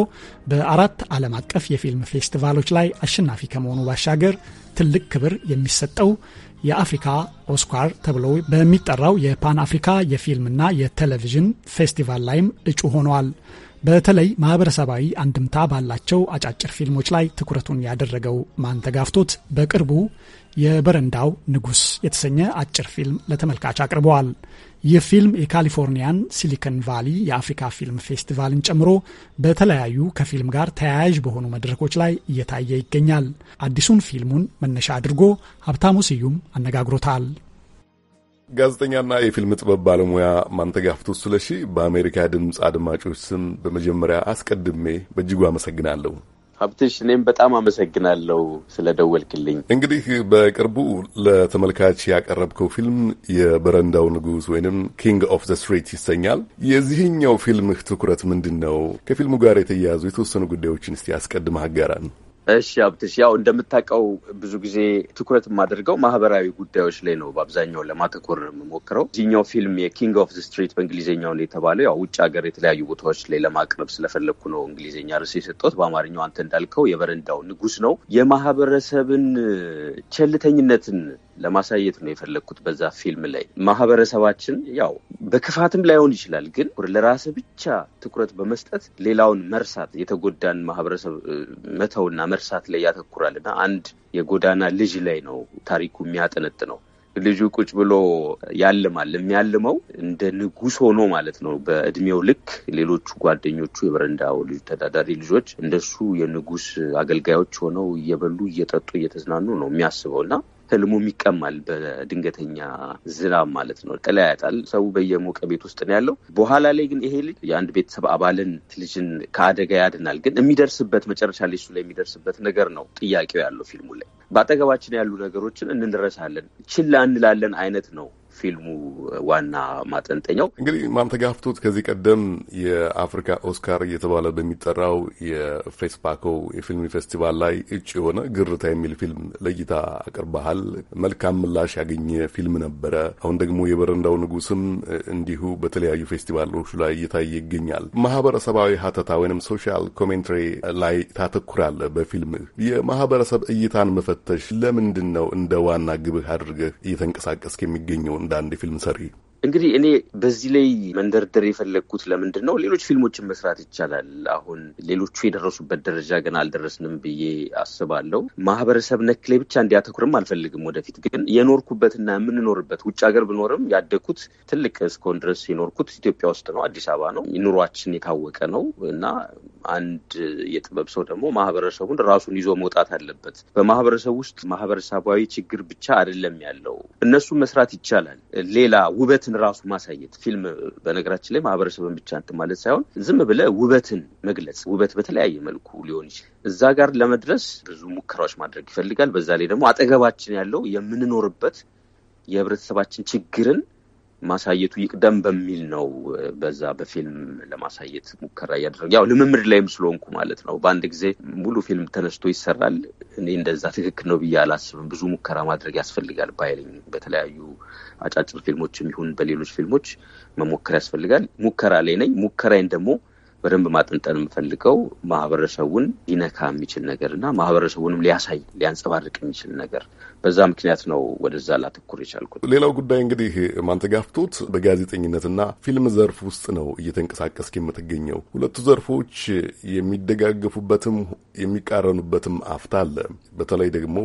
በአራት ዓለም አቀፍ የፊልም ፌስቲቫሎች ላይ አሸናፊ ከመሆኑ ባሻገር ትልቅ ክብር የሚሰጠው የአፍሪካ ኦስካር ተብሎ በሚጠራው የፓን አፍሪካ የፊልምና የቴሌቪዥን ፌስቲቫል ላይም እጩ ሆኗል። በተለይ ማህበረሰባዊ አንድምታ ባላቸው አጫጭር ፊልሞች ላይ ትኩረቱን ያደረገው ማንተጋፍቶት በቅርቡ የበረንዳው ንጉስ የተሰኘ አጭር ፊልም ለተመልካች አቅርበዋል። ይህ ፊልም የካሊፎርኒያን ሲሊከን ቫሊ የአፍሪካ ፊልም ፌስቲቫልን ጨምሮ በተለያዩ ከፊልም ጋር ተያያዥ በሆኑ መድረኮች ላይ እየታየ ይገኛል። አዲሱን ፊልሙን መነሻ አድርጎ ሀብታሙ ስዩም አነጋግሮታል። ጋዜጠኛና የፊልም ጥበብ ባለሙያ ማንተጋፍቶ ስለሺ በአሜሪካ ድምፅ አድማጮች ስም በመጀመሪያ አስቀድሜ በእጅጉ አመሰግናለሁ። ሀብትሽ እኔም በጣም አመሰግናለሁ ስለደወልክልኝ። እንግዲህ በቅርቡ ለተመልካች ያቀረብከው ፊልም የበረንዳው ንጉስ ወይንም ኪንግ ኦፍ ዘ ስትሪት ይሰኛል። የዚህኛው ፊልምህ ትኩረት ምንድን ነው? ከፊልሙ ጋር የተያያዙ የተወሰኑ ጉዳዮችን እስቲ አስቀድመህ አጋራን። እሺ አብትሽ፣ ያው እንደምታውቀው ብዙ ጊዜ ትኩረት የማደርገው ማህበራዊ ጉዳዮች ላይ ነው። በአብዛኛው ለማተኮር የምሞክረው። እዚኛው ፊልም የኪንግ ኦፍ ስትሪት በእንግሊዝኛው ነው የተባለው። ያው ውጭ ሀገር የተለያዩ ቦታዎች ላይ ለማቅረብ ስለፈለግኩ ነው እንግሊዝኛ ርዕስ የሰጠሁት። በአማርኛው አንተ እንዳልከው የበረንዳው ንጉስ ነው። የማህበረሰብን ቸልተኝነትን ለማሳየት ነው የፈለግኩት በዛ ፊልም ላይ ማህበረሰባችን ያው በክፋትም ላይሆን ይችላል፣ ግን ለራስ ብቻ ትኩረት በመስጠት ሌላውን መርሳት የተጎዳን ማህበረሰብ መተውና መርሳት ላይ ያተኩራል እና አንድ የጎዳና ልጅ ላይ ነው ታሪኩ የሚያጠነጥነው። ልጁ ቁጭ ብሎ ያልማል። የሚያልመው እንደ ንጉስ ሆኖ ማለት ነው በእድሜው ልክ። ሌሎቹ ጓደኞቹ የበረንዳው ልጅ ተዳዳሪ ልጆች እንደሱ የንጉስ አገልጋዮች ሆነው እየበሉ እየጠጡ እየተዝናኑ ነው የሚያስበው እና ተልሞ ይቀማል በድንገተኛ ዝናብ ማለት ነው። ጥላ ያጣል። ሰው በየሞቀ ቤት ውስጥ ነው ያለው። በኋላ ላይ ግን ይሄ ልጅ የአንድ ቤተሰብ አባልን ልጅን ከአደጋ ያድናል። ግን የሚደርስበት መጨረሻ ላይ እሱ ላይ የሚደርስበት ነገር ነው ጥያቄው ያለው ፊልሙ ላይ። በአጠገባችን ያሉ ነገሮችን እንረሳለን፣ ችላ እንላለን አይነት ነው ፊልሙ ዋና ማጠንጠኛው። እንግዲህ ማምተጋፍቶት ከዚህ ቀደም የአፍሪካ ኦስካር እየተባለ በሚጠራው የፌስፓኮ የፊልም ፌስቲቫል ላይ እጩ የሆነ ግርታ የሚል ፊልም ለእይታ አቅርበሃል። መልካም ምላሽ ያገኘ ፊልም ነበረ። አሁን ደግሞ የበረንዳው ንጉስም እንዲሁ በተለያዩ ፌስቲቫሎች ላይ እየታየ ይገኛል። ማህበረሰባዊ ሀተታ ወይም ሶሻል ኮሜንትሪ ላይ ታተኩራለ በፊልምህ። የማህበረሰብ እይታን መፈተሽ ለምንድን ነው እንደ ዋና ግብህ አድርገህ እየተንቀሳቀስክ የሚገኘው? አንዳንድ የፊልም ሰሪ እንግዲህ እኔ በዚህ ላይ መንደርደር የፈለግኩት ለምንድን ነው ሌሎች ፊልሞችን መስራት ይቻላል። አሁን ሌሎቹ የደረሱበት ደረጃ ገና አልደረስንም ብዬ አስባለሁ። ማህበረሰብ ነክ ላይ ብቻ እንዲያተኩርም አልፈልግም። ወደፊት ግን የኖርኩበትና የምንኖርበት ውጭ ሀገር ብኖርም ያደግኩት ትልቅ እስከሆን ድረስ የኖርኩት ኢትዮጵያ ውስጥ ነው፣ አዲስ አበባ ነው። ኑሯችን የታወቀ ነው እና አንድ የጥበብ ሰው ደግሞ ማህበረሰቡን ራሱን ይዞ መውጣት አለበት። በማህበረሰብ ውስጥ ማህበረሰባዊ ችግር ብቻ አይደለም ያለው፣ እነሱ መስራት ይቻላል። ሌላ ውበት ውበትን ራሱ ማሳየት ፊልም በነገራችን ላይ ማህበረሰብን ብቻ እንትን ማለት ሳይሆን ዝም ብለ ውበትን መግለጽ ውበት በተለያየ መልኩ ሊሆን ይችላል። እዛ ጋር ለመድረስ ብዙ ሙከራዎች ማድረግ ይፈልጋል። በዛ ላይ ደግሞ አጠገባችን ያለው የምንኖርበት የህብረተሰባችን ችግርን ማሳየቱ ይቅደም በሚል ነው በዛ በፊልም ለማሳየት ሙከራ እያደረገ ያው ልምምድ ላይም ስለሆንኩ ማለት ነው። በአንድ ጊዜ ሙሉ ፊልም ተነስቶ ይሰራል። እኔ እንደዛ ትክክል ነው ብዬ አላስብም። ብዙ ሙከራ ማድረግ ያስፈልጋል ባይልኝ በተለያዩ አጫጭር ፊልሞች ይሁን በሌሎች ፊልሞች መሞከር ያስፈልጋል። ሙከራ ላይ ነኝ። ሙከራይን ደግሞ በደንብ ማጠንጠን የምፈልገው ማህበረሰቡን ሊነካ የሚችል ነገር እና ማህበረሰቡንም ሊያሳይ ሊያንጸባርቅ የሚችል ነገር በዛ ምክንያት ነው ወደዛ ላተኩር የቻልኩት። ሌላው ጉዳይ እንግዲህ ማንተጋፍቶት በጋዜጠኝነትና ፊልም ዘርፍ ውስጥ ነው እየተንቀሳቀስክ የምትገኘው። ሁለቱ ዘርፎች የሚደጋገፉበትም የሚቃረኑበትም አፍታ አለ። በተለይ ደግሞ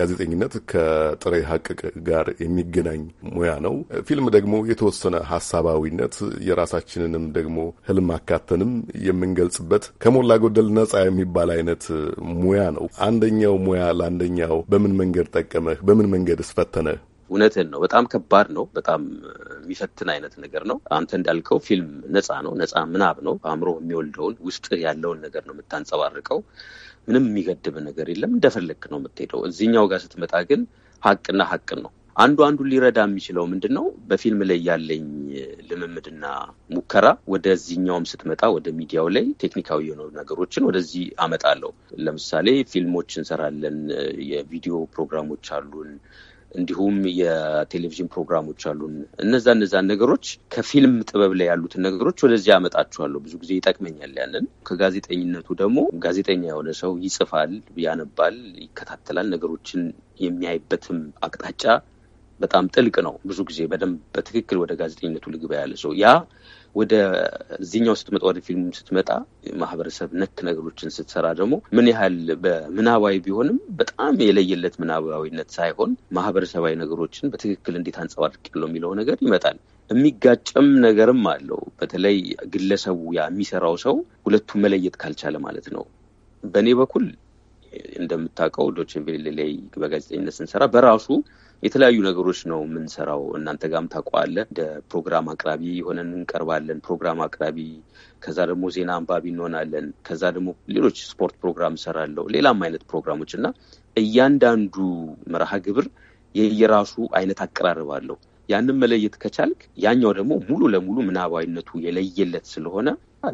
ጋዜጠኝነት ከጥሬ ሀቅ ጋር የሚገናኝ ሙያ ነው። ፊልም ደግሞ የተወሰነ ሀሳባዊነት የራሳችንንም ደግሞ ህልም አካተንም የምንገልጽበት ከሞላ ጎደል ነጻ የሚባል አይነት ሙያ ነው። አንደኛው ሙያ ለአንደኛው በምን መንገድ ጠቀመህ? በምን መንገድ እስፈተነህ? እውነትን ነው። በጣም ከባድ ነው። በጣም የሚፈትን አይነት ነገር ነው። አንተ እንዳልከው ፊልም ነፃ ነው። ነፃ ምናብ ነው። አእምሮ የሚወልደውን ውስጥ ያለውን ነገር ነው የምታንጸባርቀው። ምንም የሚገድብ ነገር የለም። እንደፈለግክ ነው የምትሄደው። እዚህኛው ጋር ስትመጣ ግን ሀቅና ሀቅን ነው። አንዱ አንዱ ሊረዳ የሚችለው ምንድን ነው? በፊልም ላይ ያለኝ ልምምድና ሙከራ ወደዚህኛውም ስትመጣ ወደ ሚዲያው ላይ ቴክኒካዊ የሆኑ ነገሮችን ወደዚህ አመጣለሁ። ለምሳሌ ፊልሞች እንሰራለን፣ የቪዲዮ ፕሮግራሞች አሉን፣ እንዲሁም የቴሌቪዥን ፕሮግራሞች አሉን። እነዛ እነዛን ነገሮች ከፊልም ጥበብ ላይ ያሉትን ነገሮች ወደዚህ ያመጣችኋለሁ። ብዙ ጊዜ ይጠቅመኛል። ያንን ከጋዜጠኝነቱ ደግሞ ጋዜጠኛ የሆነ ሰው ይጽፋል፣ ያነባል፣ ይከታተላል፣ ነገሮችን የሚያይበትም አቅጣጫ በጣም ጥልቅ ነው። ብዙ ጊዜ በደንብ በትክክል ወደ ጋዜጠኝነቱ ልግባ ያለ ሰው ያ ወደ እዚኛው ስትመጣ ወደ ፊልም ስትመጣ ማህበረሰብ ነክ ነገሮችን ስትሰራ ደግሞ ምን ያህል በምናባዊ ቢሆንም በጣም የለየለት ምናባዊነት ሳይሆን ማህበረሰባዊ ነገሮችን በትክክል እንዴት አንጸባርቅ ያለው የሚለው ነገር ይመጣል። የሚጋጨም ነገርም አለው። በተለይ ግለሰቡ ያ የሚሰራው ሰው ሁለቱ መለየት ካልቻለ ማለት ነው። በእኔ በኩል እንደምታውቀው ዶችቬሌ ላይ በጋዜጠኝነት ስንሰራ በራሱ የተለያዩ ነገሮች ነው የምንሰራው። እናንተ ጋም ታቋለ እንደ ፕሮግራም አቅራቢ ሆነን እንቀርባለን። ፕሮግራም አቅራቢ፣ ከዛ ደግሞ ዜና አንባቢ እንሆናለን። ከዛ ደግሞ ሌሎች ስፖርት ፕሮግራም እሰራለሁ፣ ሌላም አይነት ፕሮግራሞች እና እያንዳንዱ መርሃ ግብር የየራሱ አይነት አቀራረብ አለው። ያንን መለየት ከቻልክ ያኛው ደግሞ ሙሉ ለሙሉ ምናባዊነቱ የለየለት ስለሆነ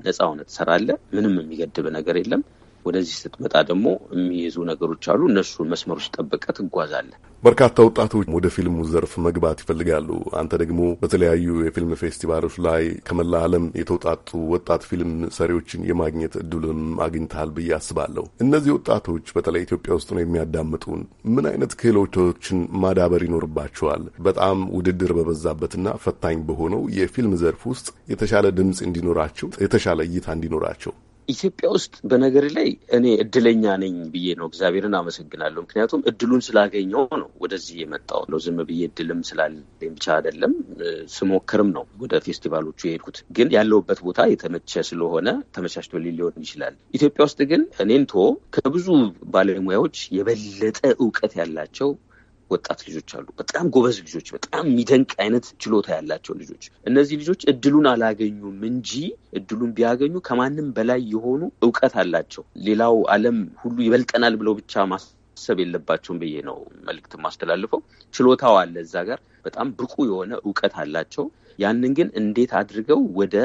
ነፃ ሆነ ትሰራለህ። ምንም የሚገድብ ነገር የለም። ወደዚህ ስትመጣ ደግሞ የሚይዙ ነገሮች አሉ። እነሱን መስመሮች ጠብቀ ትጓዛለ በርካታ ወጣቶች ወደ ፊልሙ ዘርፍ መግባት ይፈልጋሉ። አንተ ደግሞ በተለያዩ የፊልም ፌስቲቫሎች ላይ ከመላ ዓለም የተውጣጡ ወጣት ፊልም ሰሪዎችን የማግኘት እድሉም አግኝተሃል ብዬ አስባለሁ። እነዚህ ወጣቶች በተለይ ኢትዮጵያ ውስጥ ነው የሚያዳምጡን። ምን አይነት ክህሎቶችን ማዳበር ይኖርባቸዋል? በጣም ውድድር በበዛበትና ፈታኝ በሆነው የፊልም ዘርፍ ውስጥ የተሻለ ድምፅ እንዲኖራቸው፣ የተሻለ እይታ እንዲኖራቸው ኢትዮጵያ ውስጥ በነገር ላይ እኔ እድለኛ ነኝ ብዬ ነው እግዚአብሔርን አመሰግናለሁ። ምክንያቱም እድሉን ስላገኘው ነው ወደዚህ የመጣው ነው። ዝም ብዬ እድልም ስላለኝ ብቻ አይደለም፣ ስሞክርም ነው ወደ ፌስቲቫሎቹ የሄድኩት። ግን ያለውበት ቦታ የተመቸ ስለሆነ ተመቻችቶ ሊሆን ይችላል። ኢትዮጵያ ውስጥ ግን እኔን ቶ ከብዙ ባለሙያዎች የበለጠ እውቀት ያላቸው ወጣት ልጆች አሉ። በጣም ጎበዝ ልጆች፣ በጣም የሚደንቅ አይነት ችሎታ ያላቸው ልጆች። እነዚህ ልጆች እድሉን አላገኙም እንጂ እድሉን ቢያገኙ ከማንም በላይ የሆኑ እውቀት አላቸው። ሌላው ዓለም ሁሉ ይበልጠናል ብለው ብቻ ማሰብ የለባቸውም ብዬ ነው መልእክት ማስተላልፈው። ችሎታው አለ እዛ ጋር በጣም ብቁ የሆነ እውቀት አላቸው። ያንን ግን እንዴት አድርገው ወደ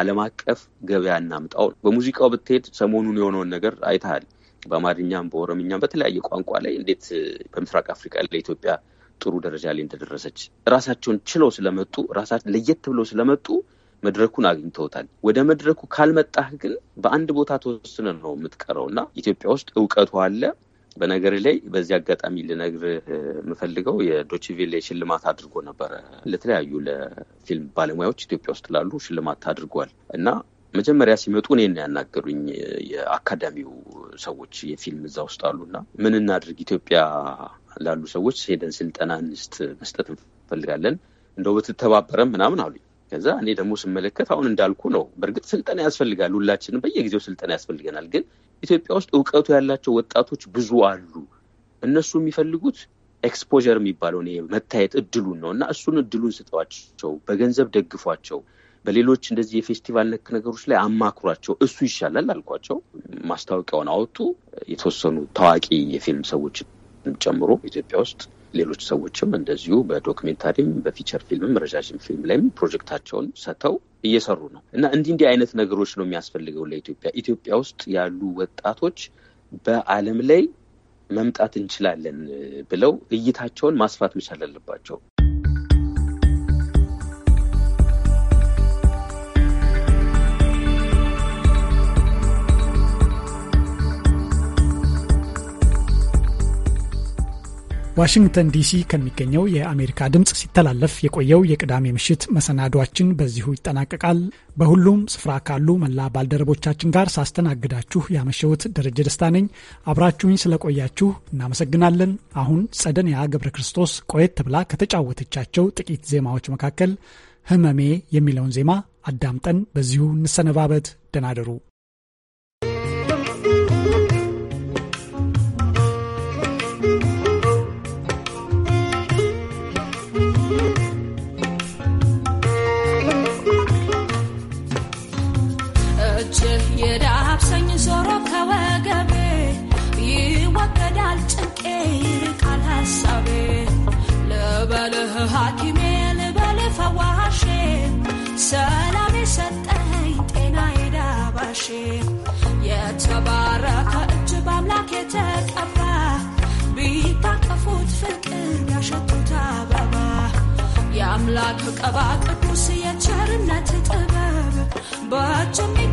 ዓለም አቀፍ ገበያ እናምጣው። በሙዚቃው ብትሄድ ሰሞኑን የሆነውን ነገር አይተሃል። በአማርኛም በኦሮምኛም በተለያየ ቋንቋ ላይ እንዴት በምስራቅ አፍሪካ ለኢትዮጵያ ጥሩ ደረጃ ላይ እንደደረሰች ራሳቸውን ችለው ስለመጡ ራሳቸውን ለየት ብለው ስለመጡ መድረኩን አግኝተውታል። ወደ መድረኩ ካልመጣህ ግን በአንድ ቦታ ተወስነ ነው የምትቀረው እና ኢትዮጵያ ውስጥ እውቀቱ አለ። በነገር ላይ በዚህ አጋጣሚ ልነግር የምፈልገው የዶችቬሌ ሽልማት አድርጎ ነበረ። ለተለያዩ ለፊልም ባለሙያዎች ኢትዮጵያ ውስጥ ላሉ ሽልማት አድርጓል እና መጀመሪያ ሲመጡ እኔን ያናገሩኝ የአካዳሚው ሰዎች የፊልም እዛ ውስጥ አሉና ምን እናድርግ ኢትዮጵያ ላሉ ሰዎች ሄደን ስልጠና እንስት መስጠት እንፈልጋለን እንደው ብትተባበረን ምናምን አሉኝ። ከዛ እኔ ደግሞ ስመለከት አሁን እንዳልኩ ነው። በእርግጥ ስልጠና ያስፈልጋል፣ ሁላችንም በየጊዜው ስልጠና ያስፈልገናል። ግን ኢትዮጵያ ውስጥ እውቀቱ ያላቸው ወጣቶች ብዙ አሉ። እነሱ የሚፈልጉት ኤክስፖዠር የሚባለውን መታየት እድሉን ነው እና እሱን እድሉን ስጠዋቸው፣ በገንዘብ ደግፏቸው በሌሎች እንደዚህ የፌስቲቫል ነክ ነገሮች ላይ አማክሯቸው እሱ ይሻላል አልኳቸው። ማስታወቂያውን አወጡ። የተወሰኑ ታዋቂ የፊልም ሰዎች ጨምሮ ኢትዮጵያ ውስጥ ሌሎች ሰዎችም እንደዚሁ በዶክሜንታሪም በፊቸር ፊልምም ረዣዥም ፊልም ላይም ፕሮጀክታቸውን ሰጥተው እየሰሩ ነው እና እንዲህ እንዲህ አይነት ነገሮች ነው የሚያስፈልገው ለኢትዮጵያ። ኢትዮጵያ ውስጥ ያሉ ወጣቶች በዓለም ላይ መምጣት እንችላለን ብለው እይታቸውን ማስፋት መቻል አለባቸው። ዋሽንግተን ዲሲ ከሚገኘው የአሜሪካ ድምፅ ሲተላለፍ የቆየው የቅዳሜ ምሽት መሰናዷችን በዚሁ ይጠናቀቃል። በሁሉም ስፍራ ካሉ መላ ባልደረቦቻችን ጋር ሳስተናግዳችሁ ያመሸሁት ደረጀ ደስታ ነኝ። አብራችሁኝ ስለቆያችሁ እናመሰግናለን። አሁን ጸደንያ ገብረ ክርስቶስ ቆየት ተብላ ከተጫወተቻቸው ጥቂት ዜማዎች መካከል ህመሜ የሚለውን ዜማ አዳምጠን በዚሁ እንሰነባበት። ደናደሩ ሐኪሜ ልበል ሰላም የሰጠኝ ጤና የዳባሼ የተባረከ እጅ በአምላክ የተቀባ ቢታቀፉት ፍቅር ያሸቱት አበባ የአምላክ ቀባ ቅዱስ የቸርነት ጥበብ በእጅ